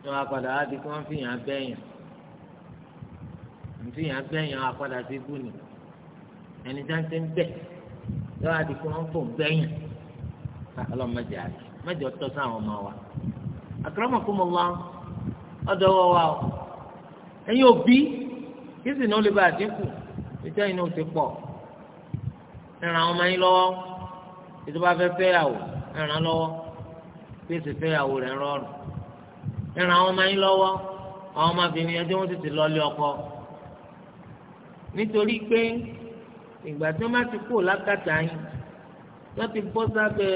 tó wàá padà wá di kí wọ́n abẹ́yàn abẹ́yàn wàá padà sí ibú ni yọ àdìkú wọn fò gbẹ̀yìn ah, ọlọ́run mẹ́jọ àti mẹ́jọ tọ́ sáwọn ọmọ wa akramakumullah ọ̀dọ̀ wọ wa o ẹ̀yin òbí kí sì náà lè bá àdínkù ìjọ yìí náà ti pọ̀ ẹ̀ràn ọmọ yín lọ́wọ́ ètò bá fẹ́ fẹ́yàwó ẹ̀ràn lọ́wọ́ pèsè fẹ́yàwó rẹ̀ rọrùn ẹ̀ràn ọmọ yín lọ́wọ́ ọmọbìnrin ẹjọ́ wọn tètè lọ́ọ́lé ọkọ nítorí pé ìgbà tí wọ́n bá ti kú lákàtà yín wọ́n ti bọ́ sábẹ́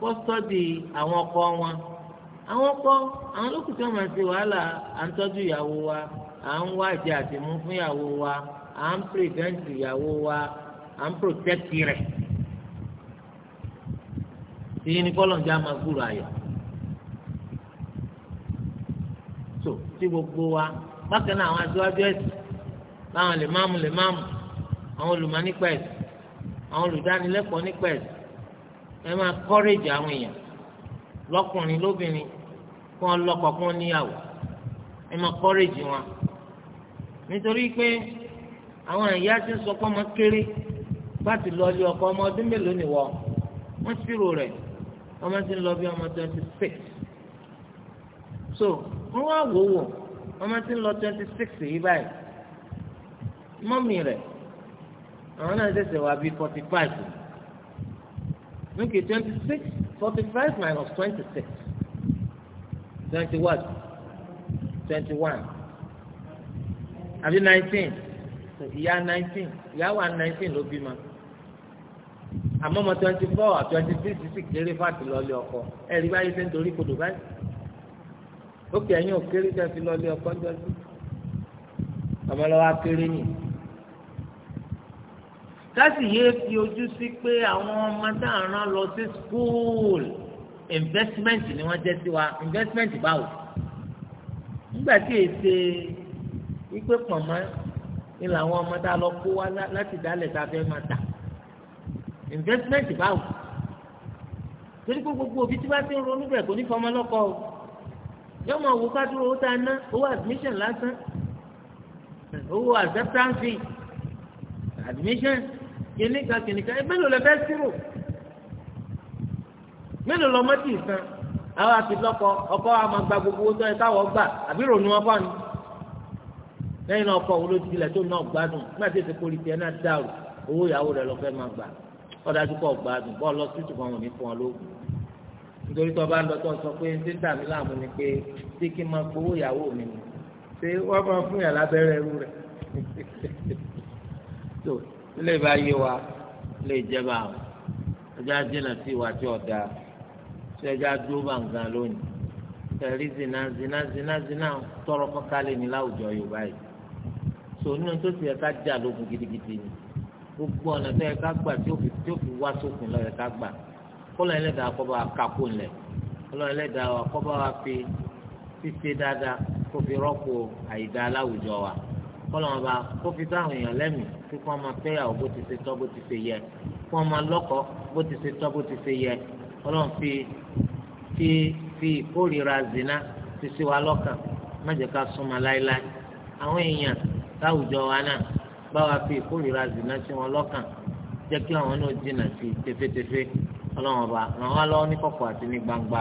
kọ́sítọ́dì àwọn ọkọ wọn àwọn ọkọ àwọn lókùn tí wọ́n máa ṣe wàhálà à ń tọ́jú ìyàwó wa à ń wá ìdí àtìmú fún ìyàwó wa à ń prevent ìyàwó wa à ń protect rẹ̀ tí ní kọ́lọ̀njá máa gbúrò ayọ̀ so tí gbogbo wa bákan náà àwọn aṣáájú ẹ̀sìn láwọn lè máàmù lè máàmù àwọn olùmọ̀ nípa ẹ̀sìn àwọn olùdánilẹ́kọ̀ọ́ nípa ẹ̀sìn ẹ máa kọ́rẹ́jì àwọn èèyàn lọ́kùnrin lóbìnrin kí wọ́n lọ́kọ kí wọ́n níyàwó ẹ máa kọ́rẹ́jì wọn nítorí pé àwọn ìyá ti ń sọ pé ọmọ kéré bá lọ ilé ọkọ ọmọ ọdún mélòó ni wọ wọ́n ṣírò rẹ̀ ọmọ ti ń lọ bí ọmọ twenty six so wọ́n wá wò wò ọmọ ti ń lọ twenty six yìí báyìí mọ́mì rẹ̀ àwọn náà ṣẹ̀ṣẹ̀ wà bíi forty five lókè twenty six forty five minus twenty six twenty one twenty one àbí nineteen ìyá nineteen ìyá wa nineteen ló bímọ àmọ́ ọmọ twenty four àti twenty six sì kéré fáàtì lọ́ọ́lé ọkọ ẹ̀rí báyìí ṣe ń torí kodò báyìí ó kì ẹ̀yìn òkéré tẹ́ fi lọ́ọ́lé ọkọ jọ sí ọmọ akéré yìí kásì yéé fi ojú sí pé àwọn ọmọ tá à ń rán lọ sí school investment ni wọ́n jẹ́ sí wa investment báwo nígbà tí èsè wípé pọ̀nmọ́ ni làwọn ọmọ tá a lọ kó wá láti dálẹ̀ tá a fẹ́ máa tà investment báwo torí pé gbogbo òbí tí bá ti ń ronú bẹ̀ kò ní fọmọ lọ́kọ o yóò máa wò kádúró owó tá a ná owó admission lásán owó acceptance fee admission kìnìkan kìnìkan ẹ mélòó lẹ fẹ́ sírò mélòó lọ mọ́tì ìsan àwọn àfitọ́kọ ọkọ àmọ́ gba gbogbo owó sọ́yìn táwọn gbà àbí rònú ọkọ ni lẹ́yìn náà ọkọ òun ló tilẹ̀ tó náà gbádùn nígbà tí èsì polisi ẹ̀ náà dàrú owó ìyàwó rẹ̀ lọ fẹ́ máa gbà ọ̀dájú kọ̀ gbádùn bọ́ọ̀lù ọ̀sítù kan wọ̀ ní fún ọ lóògùn nítorí tó bá ń lọ tó sọ pé ṣé ń dàmí láàmú ni pé ṣé kí n máa gbowó ìyàwó mi ni ṣé wọ́n máa fún yàrá abẹ́rẹ́ ẹrú rẹ̀ ilé ìbá yé wa ilé ìjẹba àwọn ẹjẹ ajínà sí ìwà tí ọ̀dà ṣé ẹjẹ adúró bá nǹkan lónìí tẹ̀rí zina zina zina zina tọrọ kọ́kálẹ̀ ní láwùjọ yorùbá yìí sòní tó ti yẹ ká jà lógun gidigidi ni gbogbo ọ̀nà tó yẹ ká gbà tí ó fi tí ó fi wá sókun lọ yẹ ká gbà kọ́lọ̀ ẹlẹ́dàá kọ́ bá wa kápò ńlẹ̀ kọ́lọ̀ ẹlẹ́dàá wa kọ́ bá wa fi ṣíṣe dáadáa kó fi rọ́pò àìdá láwùjọ wa kọ́lọ́mọ bá kó fi sáwọn èèyàn lẹ́mìí kí wọ́n máa fẹ́yàwó bó ti ṣe tọ́ bó ti ṣe yẹ kí wọ́n máa lọ́kọ bó ti ṣe tọ́ bó ti ṣe yẹ kọ́lọ́mọ fi fi fi ìkórìíra zina ti ṣe wa lọ́kàn má jẹ́ ká súnmọ́ láéláé àwọn èèyàn láwùjọ wa náà bá wa fi ìkórìíra zina sí wọn lọ́kàn jẹ́ kí àwọn náà jìnnà sí tefetefe kọ́lọ́mọ bá ràn wá lọ́wọ́ ní kọ̀kọ̀ àti ní gbangba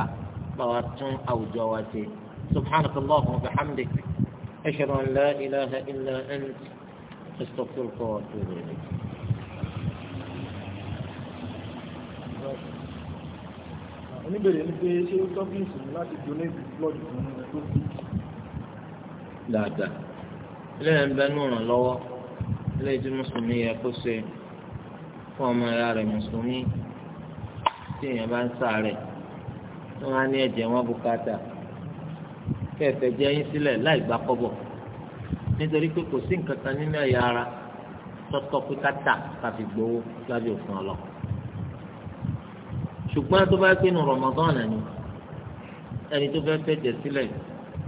bá wa tún àwùjọ wa ṣe subhanahu wa ta'ala wa bihamdihi. أشهد أن لا إله إلا أنت أستغفرك وأتوب إليك oníbèrè ní pé ṣé ó tọ́fíìsì láti donate blood fún tó bí. dáadáa ilé ẹ̀ ń bẹ ní ìrànlọ́wọ́ ilé tí mùsùlùmí yẹ kó ṣe fún ọmọ ìyá rẹ̀ mùsùlùmí tí èèyàn bá ń ṣàárẹ̀ wọ́n á ní ẹ̀jẹ̀ wọn bùkátà kẹfẹ jẹ yín sílẹ̀ láì gba kọ́bọ̀ nítorí pé kò sí nǹkan kan nínú ẹ̀yà ara tọ́tọ́ pé ká tà ká fi gbowó lábẹ́ òfin ọlọ ṣùgbọ́n tó bá pinnu rọmọdánà ni ẹni tó fẹ́ fẹ̀jẹ̀ sílẹ̀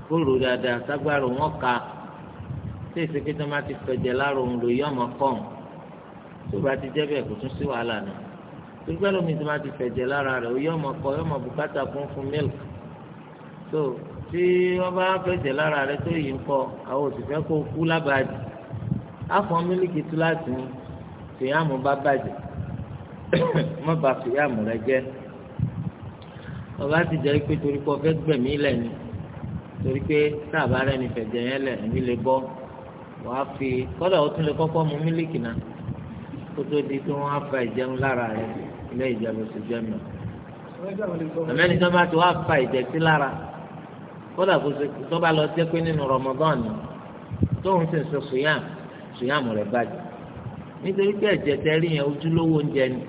kóòrò dáadáa ságbára wọn ka tí èsì pé tó má ti fẹ̀jẹ̀ láàrọ̀ òun lòye ọmọ kọ́ọ̀n tó bá ti jẹ́ kò tún sí wàhálà náà torí tó má ti fẹ̀jẹ̀ lára rẹ̀ òye ọmọ kọ́ ọmọ bùkátà fún fún mílk so tí wọ́n bá fẹ̀jẹ̀ lára rẹ tó yìí ń kọ́ àwọn òṣìṣẹ́ kó kú lábàájì àfọ̀n mílíkì tú láti ní fìyàmù bá bàjẹ́ má bà fìyàmù rẹ jẹ́ ọba ti jẹ́ pé torí pé ọfẹ́ gbẹ̀mí lẹ̀ ni torí pé sáàbà rẹ ni fẹ̀jẹ̀ yẹn lẹ̀ ẹ̀mí lè bọ́ wàá fi kọ́dà ó tún lè kọ́kọ́ mu mílíkì náà kó tó di pé wọ́n á fa ìjẹun lára rẹ ilé ìjẹun oṣù jẹ́ mi. àmẹ́ni tó bá ti wá fa ìjẹ kódà kó tó bá lọ jẹ́ pé nínú Ramadan ni tóun sì ń sọ sùyàm sùyàm rẹ̀ bàjẹ́ nítorí pé ẹ̀jẹ̀ tẹ rí yẹn ojúlówó oúnjẹ ni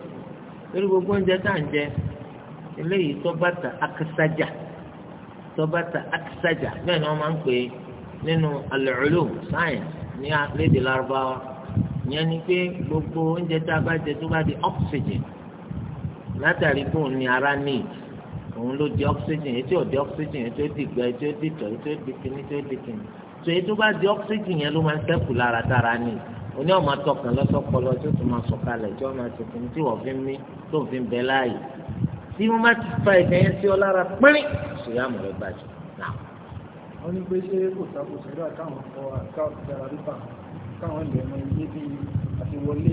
torí gbogbo oúnjẹ tá à ń jẹ eléyìí tó bá ta akisajà tó bá ta akisajà bẹ́ẹ̀ ni wọ́n máa ń pè é nínú al-ulum ní lédè lárúbáwá ìyẹn ni pé gbogbo oúnjẹ tá a bá jẹ tó bá di oxygen látàrí bóun ni ara níìdì òun ló di oxygen etí ò di oxygen etí ó di gbẹ etí ó di tọ̀ etí ó di kíní etí ó di kíní tó etí ó bá di oxygen yẹn ló máa ń ṣẹ́kù lára dára ni oní ọmọ atọkàn lọsọpọlọ tó tún máa sọ̀kalẹ̀ tí wọn máa ṣe kíní tí wọn fi ń mí tó fi ń bẹ láàyè tí wọn bá ti fa ìfẹ́ yẹn sí ọ lára pínrín ṣùgbọ́n àmọ̀ rẹ bàjẹ́ náà. wọ́n ní pé ṣé kò sáko ṣẹlẹ̀ àtàwọn ọkọ̀ àkáàtì ara rúbà káwọn ilẹ̀ mọ iye bíi àtiwọlé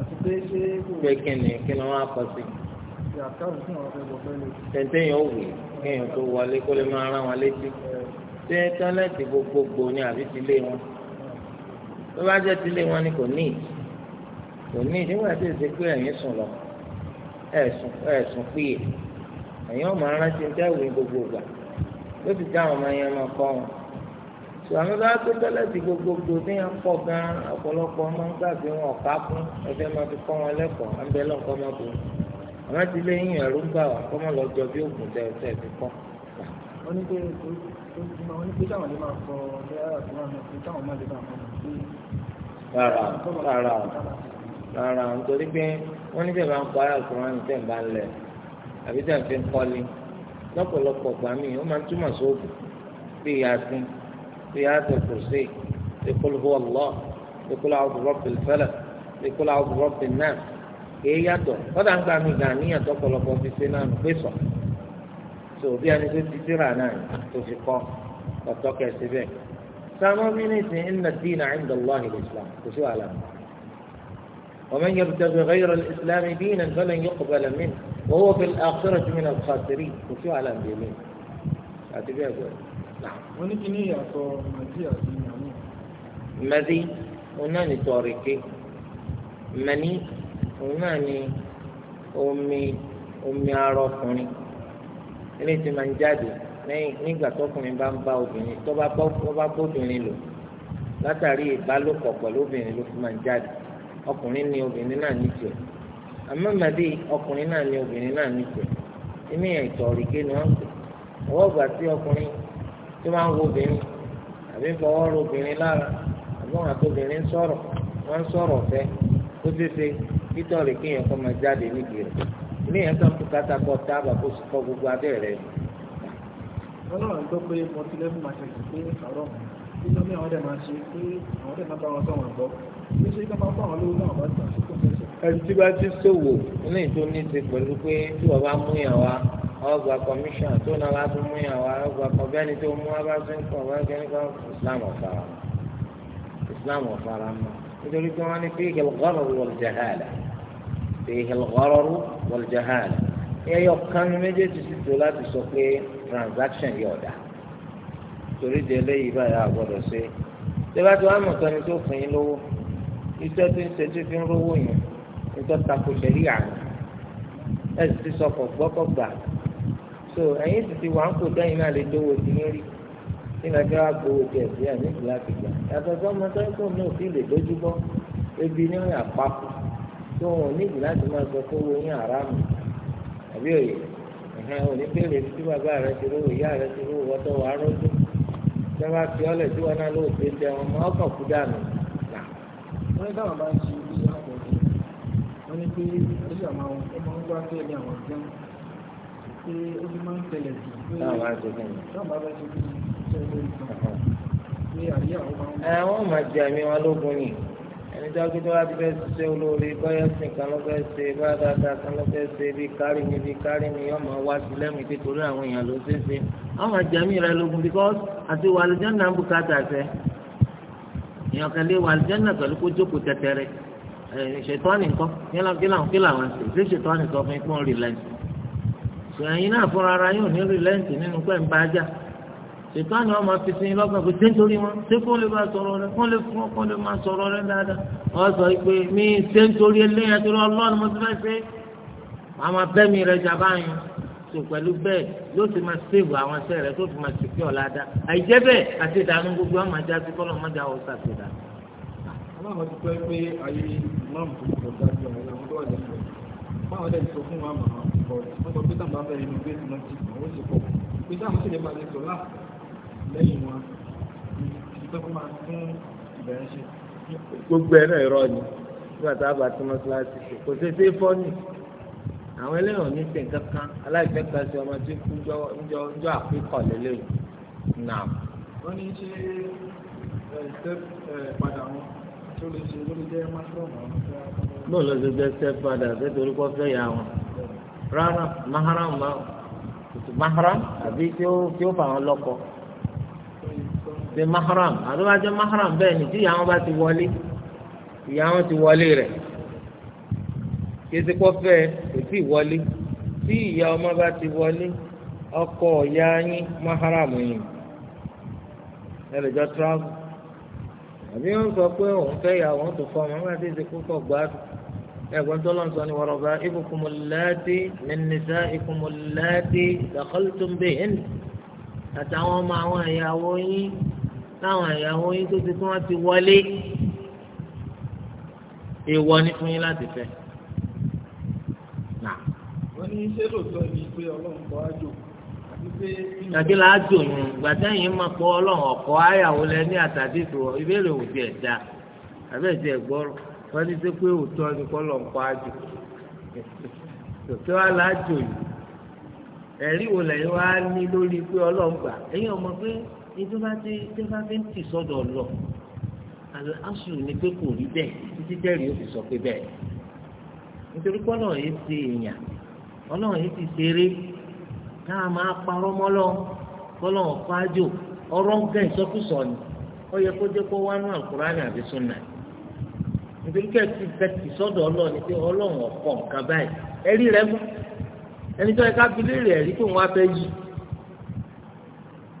àti pé ṣé tẹ̀ntẹ́yìn ó wè kéèyàn tó wọlé kó lè máa rán wọn létí ṣé tọ́lẹ́tì gbogbogbò ni àbí tilé wọn tó bá jẹ́ tilé wọn ni kò ní ìdí kò ní ìdí nígbà tí èsì pé ẹ̀yin sùn lọ ẹ̀sùn ẹ̀sùn péye ẹ̀yin ọmọ aránsẹ ń tẹ́wé gbogbogbà ló ti dá àwọn ọmọ yẹn máa kọ́ wọn sùwàmí bá tó tọ́lẹ́tì gbogbogbò ní apọ̀ gan ọ̀pọ̀lọpọ̀ máa ń gbàgbé wọn ọ̀ká fún ẹgbẹ́ máa fi kọ́ wọn lẹ́kọ̀ọ́ àmọ́ ti lé yín ẹ̀rú ń bà wá kọ́ mọ́ lọ jọ bí oògùn tẹ ọ̀tẹ̀ fi kọ́. wọ́n ní pé wọ́n ní pé táwọn lè máa fọ lẹ́yà tó máa fi táwọn máa lè máa fọ rárá rárá rárá nítorí pé wọ́n ní bẹ́ẹ̀ máa ń kọ́ ara ìkùnrin ní tẹ̀ ń bá ń lẹ̀ àbí tẹ̀ ń fi ń kọ́lé lọ́pọ̀lọpọ̀ gbà mí ó máa ń túmọ̀ sóògùn bí yasin bí bí kúlù hùwà lọ́ọ̀ bí kúlù àwọn bùrọ̀ bìlfẹ́lẹ̀ bí kúlù àwọn èyí yàtọ̀ kọ́dà ń gbà mí gan níyàn tó pọ̀lọpọ̀ fi ṣe náà nù pé sọ tó bí ẹni tó ti síra náà tó fi kọ́ ọ̀tọ́ kẹsì bẹ́ẹ̀ sàmọ́ mínísì inna ad-dīna 'inda Allāhi al-Islām kò sí wàhálà mi. wa man yabtaghi ghayra al-islāmi dīnan falan yuqbala minhu wa huwa fil-ākhirati mina al-khāsirīn kò sí wàhálà mi lè àti bẹ́ẹ̀ bẹ́ẹ̀. wọ́n ní kí ní ìyàtọ̀ màdí àti màní. màdí òun náà ni omi omi ọkùnrin eléyìí ti máa ń jáde lẹ́yìn nígbà tọkùnrin bá ń bá obìnrin tó bá bóbìnrin lò látàrí ìbálòpọ̀ pẹ̀lú obìnrin ló fi máa ń jáde ọkùnrin ni obìnrin náà ní tiẹ̀ àmọ́ màdí ọkùnrin náà ni obìnrin náà ní tiẹ̀ inú yẹn ìtọ̀ òrìké ni wọ́n pè ọwọ́ ìgbà tí ọkùnrin tó máa ń wo obìnrin àbí fọwọ́ ro obìnrin títọ́ rẹ̀ kéèyàn kọ́ máa jáde nídìí rẹ̀ ilé yẹn kan fún kátàkọ́ táàbà kó sì kọ́ gbogbo abẹ́ rẹ̀. ọlọ́run tó pé mo ti lẹ́fún máa ṣe pé ọ̀rọ̀ nínú ní àwọn ọdẹ máa ṣe pé àwọn ọdẹ máa bá wọn sọ̀rọ̀ gbọ́ pé ṣé ká máa bá wọn lówó náà bá ti àṣekọ̀ fẹ́ṣẹ̀. ẹni tí bá ti ṣòwò ní ètò ní ti pẹ̀lú pé tí wọ́n bá mú yàn wá ọgbà kọmíṣàn tó náà bá tún mú yàn wá ọgbà kọbẹ́ni tó mú wá bá tún kọ̀ wá kẹ́ni kan Islam ọ̀fara Islam ọ̀fara mọ́ nítorí pé wọ́n ní pé ìgbàlùkọ́ فيه الغرر والجهالة ẹyọ kan ní méjèèjì sì tó láti sọ pé transaction yóò dá torí de eléyìí báyà àgbọ́dọ̀ ṣe tẹ́lá tó wà mọ̀tọ́ ni tó fún yín lówó iṣẹ́ tó ń ṣe fi ń rówó yẹn nítorí tako ṣẹ̀rí àná ẹ̀ sì ti sọkọ̀ gbọ́kọ̀gbà so ẹ̀yin sì ti wà ń kó dẹ́yìn náà lè dówó ti ní rí ní nàìjíríà wà gbowó ti ẹ̀sìn ẹ̀ níbi láti gbà yàtọ̀ sọ́mọ tó ń kó ní òfin lè dójúbọ́ ebi ní àpapọ̀ tí wọn ò níbi láti máa sọ fún oyin àràmù àbí òye ẹ̀hán ò ní tí bàbá rẹ ti rówó ìyá rẹ ti rówó wà bá fi tí náà lóò ṣe jẹ wọn máa kàn kú dànù. wọ́n ní táwọn bá ń ṣe ibi ní pé ojú àwọn ọmọ ń gbá àwọn pé máa ń tẹ̀lẹ̀ jù bá ṣe nítorí pé tó bá ti fẹ́ ṣiṣẹ́ olóore báyà sìn kan ló fẹ́ ṣe bá dáadáa kan ló fẹ́ ṣe bí kárí mi bí kárí mi yọ̀ọ́ máa wá sí lẹ́mìí pé torí àwọn èèyàn ló ṣe ṣe àwọn àjàmí rẹ lógun because àti wà lùjẹ́ náà ń bùkátà sẹ́ èèyàn kan lé wà lùjẹ́ náà pẹ̀lú kó jókòó tẹ́tẹ́rẹ́ ṣètọ́nì nǹkan kí làwọn kí làwọn ṣe ṣé ṣètọ́nì sọ fún ipò rìlẹ́ǹtì ṣèyìn náà fúnra ara yóò ní rìlẹ́ǹtì ṣètò àná ọmọ fi sin lọ́gbọ̀n pé ṣé nítorí wọn ṣé kó lè bá sọ̀rọ̀ rẹ kó lè fún ọkọ lè máa sọ̀rọ̀ rẹ dáadáa wọ́n sọ pé mi ṣé nítorí eléyà torí ọlọ́run mo ti fẹ́ ṣe wàá máa bẹ́ mi rẹ jàbá yẹn tó pẹ̀lú bẹ́ẹ̀ yóò ti máa ṣèwò àwọn ṣẹ́ rẹ tó fi máa ṣèké ọ̀la dá àìjẹ́ bẹ́ẹ̀ àti ìdààmú gbogbo àwọn àjá sí kọ́lọ́ mọ́jà ọ̀ ṣàṣìdá. aláwọ̀ ti pẹ́ pé ayé máàmù tó kọjá ju àwọn ọmọdé wà lẹ́sọ̀ọ́ báwọn dẹ̀ sọ fún wa màmá ọ̀rọ̀ wọ́n sọ pé táwọn bá bẹ̀rẹ̀ inú bẹ́ẹ̀ tí wọ́n ti àwọn ó pé táwọn sì lẹ́yìn wọn tó kó máa fún ìbẹ̀rẹ̀ ṣe. gbogbo ẹ̀ náà ni nígbà tá a bá tó mọ́ṣáláṣí ṣe kò ṣe é fọ́ ni àwọn ẹlẹ́wọ̀n ní sẹ̀ kankan kan ọmọ tí kú jọ àpékọ̀ lélẹ̀ nà. ní ṣe padà wọn tó lè ṣe lórí jẹ́ jẹ́ padà ṣe mahram àwọn tó bá jẹ́ mahram bẹ́ẹ̀ ni tí ìyá wọn bá ti wọlé ìyá wọn ti wọlé rẹ̀ kesekọ fẹ́ kò tí wọlé tí ìyá ọmọ bá ti wọlé ọkọ ìyá yín mahram yín ẹlẹjọ travel àbí wọn sọ pé òun fẹ́ yà wọn tó fọ ọmọ wọn ti ṣe kókó gbádùn ẹ̀gbọ́n tó lọ́n sọ ni wọ́rọ̀bá ibùkúnmù láti mẹ́nìsá ìkúnmù láti dàkọ́lùtùmbé ẹ̀nì àtàwọn ọmọ àwọn ìyàwó yín láwọn ìyàwó yín tó ti ti wọlé èèwọ̀ ni fún yín láti fẹ wọ́n ní ṣé lóòótọ́ ni pé ọlọ́run kọ́ ájò tàbí láàjò yẹn ìgbà sẹ́yìn máa pọ̀ ọlọ́run ọ̀kọ́ ayàwó lẹ ní àtàdé tó ìbéèrè òbí ẹ̀ àbẹ̀tì wọ́n ní pé òótọ́ ni kọ́ tòkè wá láàjò yìí ẹ̀rí ètò bá ti tó bá fi ń tì sọ́dọ̀ lọ àlọ́ aṣù ni pé kò rí bẹ́ẹ̀ títí jẹ́rìí ó fi sọ pé bẹ́ẹ̀ nítorí pé ọlọ́run yìí ti èèyàn ọlọ́run yìí ti ṣeré náà máa parọ́ fájò ìsọkúsọ ni ó yẹ kó kó wá àkùránì àbí súnà nítorí ti bẹ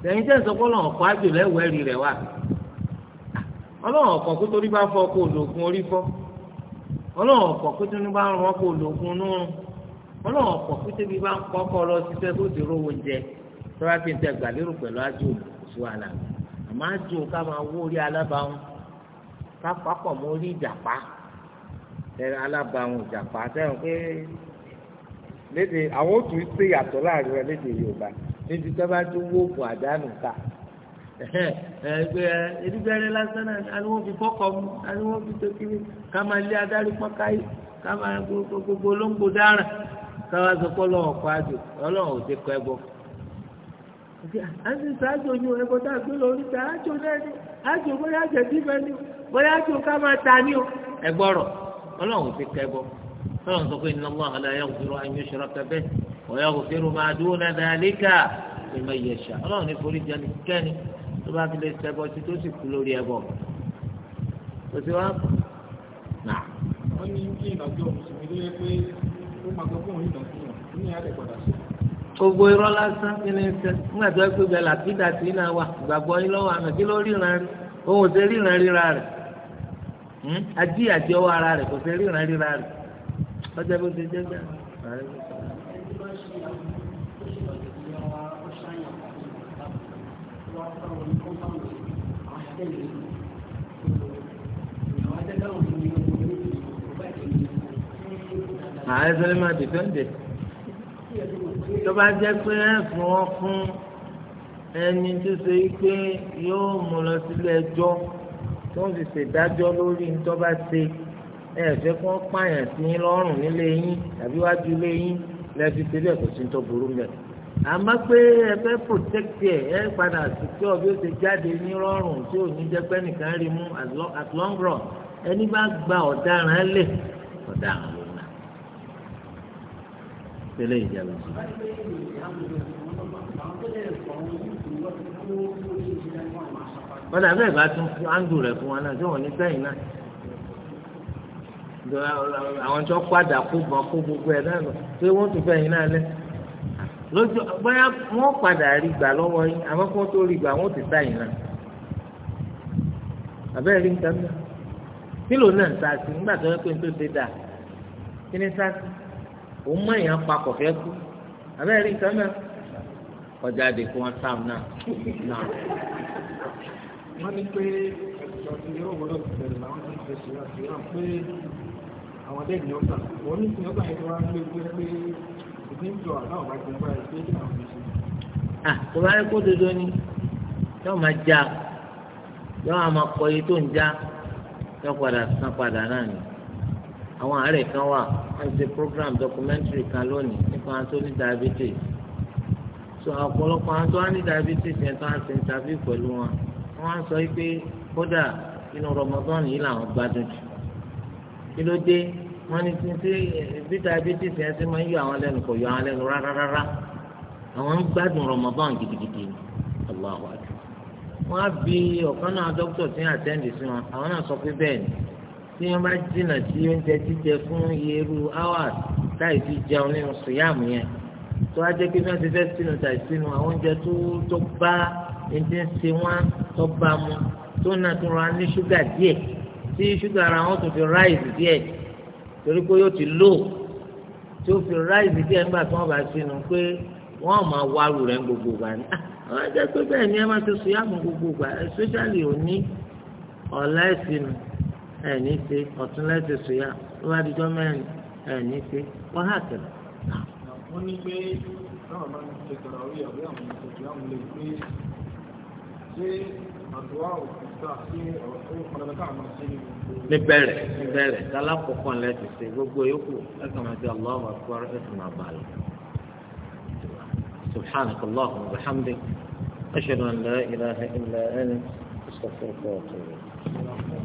lẹ́yìn tẹ́ ń sọ pé ọlọ́run ọ̀kọ́ àjò lẹ́wọ̀ ẹ̀rí rẹ̀ wà ọlọ́run ọ̀kọ́ kó torí bá fọ́ kó lòògùn orí fọ́ ọlọ́run ọ̀kọ́ kó tó ní bá rán kó lòògùn nírun ọlọ́run ọ̀kọ́ kó tóbi bá ń kọ́ kọ́ lọ síṣẹ́ tó ti rówó jẹ tọ́lá kí n tẹ gbàlérò pẹ̀lú àjò sí wàhálà àmọ́ àjò ká máa wó orí alábàáhùn ká papọ̀ mọ́ orí ìjàpá alábàáhùn ìjàpá sẹ́wọ̀n pé léde àwọn ò tún ṣe yàtọ̀ láàrin rẹ léde Yorùbá níbi tí a bá tún wó ebe àdánù ká ẹgbẹ́ ẹdígbẹrẹ lásán náà aliwọn fi fọkọ mu aliwọn fi tẹkiri ká máa lé adarí pọkáyé ká máa gbogbo olóńgbò dára káwá sọ pé Ọlọ́run kọ àjò Ọlọ́run ò ti kọ ẹbọ àti sáájò ni ẹbọ tá a gbé lórí ta àjò náà ni àjò bóyá àjẹsí bẹ ni bóyá àjò ká máa ta ni o ẹgbọrọ Ọlọ́run ò ti kọ ẹbọ Ọlọ́run sọ pé ويغفر ما دون ذلك لمن يشاء ọlọ́run ní forí jẹ nìkẹ́ni tó bá fi lè tó sì kú lórí ẹbọ kò sí wá. wọ́n ní kí ìdájọ́ mùsùlùmí pé ó máa gbọ́ fún òun ní padà sí. gbogbo irọ́ lásán kí ni ṣe nígbà tó yẹ pé bẹ́ẹ̀ ààrẹ fẹ́lẹ́ máa dìfẹ́ǹdẹ̀ tó bá jẹ́ pé ẹ fún ọ fún ẹni tó ṣe pé yóò mú lọ sílé ẹjọ́ tó ń fi ṣèdájọ́ lórí ní tó bá ṣe ẹ fẹ́ kó pààyàn sí lọ́rùn nílé yín tàbí wájú ilé yín lẹ́ẹ̀fi ṣe kò sí ní tó burú mẹ́rin àmọ́ pé ẹ fẹ́ protect ẹ ẹ padà sùkúrọ̀ bí ó ṣe jáde ní rọrùn tí ò ní jẹ́ pé nìkan rí mú at long run ẹni bá gba ọ̀daràn lẹ̀ ọ̀daràn ló ná tẹ́lẹ̀ ìjàlá sí i. wọ́n dàbí ẹ̀ bá tún áńdù rẹ̀ fún wa náà tí wọ́n ní sẹ́yìn náà àwọn tí wọ́n padà kó bọ̀ kó gbogbo ẹ̀ náà lọ pé wọ́n tún fẹ́yìn náà lẹ́sìn lójú bóyá wọ́n padà rí gbà lọ́wọ́ yín àmọ́ kó tó rí gbà wọ́n ti dá yín náà àbẹ́rẹ́ rí nǹkan náà kílò náà ń ta sí nígbà tó yẹ pé n tó ṣe dà kí ni sá sí òun mọ èèyàn pa kọ̀fẹ́ kú àbẹ́rẹ́ rí nǹkan náà ọjà àdìkú wọn sáà náà náà. wọ́n ní pé ẹ̀sọ́ ti yóò gbọ́dọ̀ bẹ̀rẹ̀ làwọn ti ń fèsì àti pé àwọn adẹ́gbẹ̀ẹ́ ọgbà ní Ah, tó bá rí kó dodo ni yóò máa já yóò máa kọ iye tó ń já yóò padà san padà náà ni àwọn àárẹ̀ kan wà wọ́n ṣe program documentary kan lónìí nípa àwọn tó ní diabetes so ọ̀pọ̀lọpọ̀ àwọn tó wá ní diabetes yẹn tó wá ṣe interview pẹ̀lú wọn wọ́n á sọ pé kódà inú Ramadan yìí làwọn gbádùn jù kí ló dé wọ́n ní tí tí eh, bí diabetes yẹn ti máa ń yọ àwọn lẹ́nu kò yọ àwọn lẹ́nu rárá rárá àwọn ń gbádùn Ramadan gidigidi ni Allahu akbar wọ́n á bi ọ̀kan náà dókítà tí ń àtẹ́ǹdì sí wọn àwọn náà sọ pé bẹ́ẹ̀ ni tí wọ́n bá jìnnà sí oúnjẹ jíjẹ fún irú hours táì fi jẹun nínú sùyàmù yẹn tó á jẹ́ pé bí wọ́n ti fẹ́ sínú tàì sínú àwọn oúnjẹ tó tó bá ẹni tí ń ṣe wọ́n tó bá mu tó náà tó ra ní ṣúgà díẹ̀ tí ṣúgà ara wọn tó fi ráìsì díẹ̀ torí pé yóò ti lò tí ó fi ráìsì díẹ̀ nígbà tí wọ́n bá sínú pé wọ́n máa wá rù rẹ̀ gbogbo gbà ní. Ah, àwọn ẹgbẹ́ pé bẹ́ẹ̀ ni ẹ máa ti sùn gbogbo gbà especially òní ọ̀la ẹ̀sìnù ẹ̀ ṣe ọ̀túnla ẹ̀sìn sùn yá ló bá dijọ́ mẹ́rin ẹ̀ ṣe wọ́n hà kẹ̀lẹ̀. wọ́n ní pé báwọn bá ń ṣe níbẹ̀rẹ̀ níbẹ̀rẹ̀ tala kọ̀kọ́ ń lẹ́sìn sí gbogbo yòókù ẹ̀ka máa ti allah wa kúrò ẹ̀sìn máa bá a lọ. سبحانك اللهم وبحمدك أشهد أن لا إله إلا أنت أستغفرك وأتوب إليك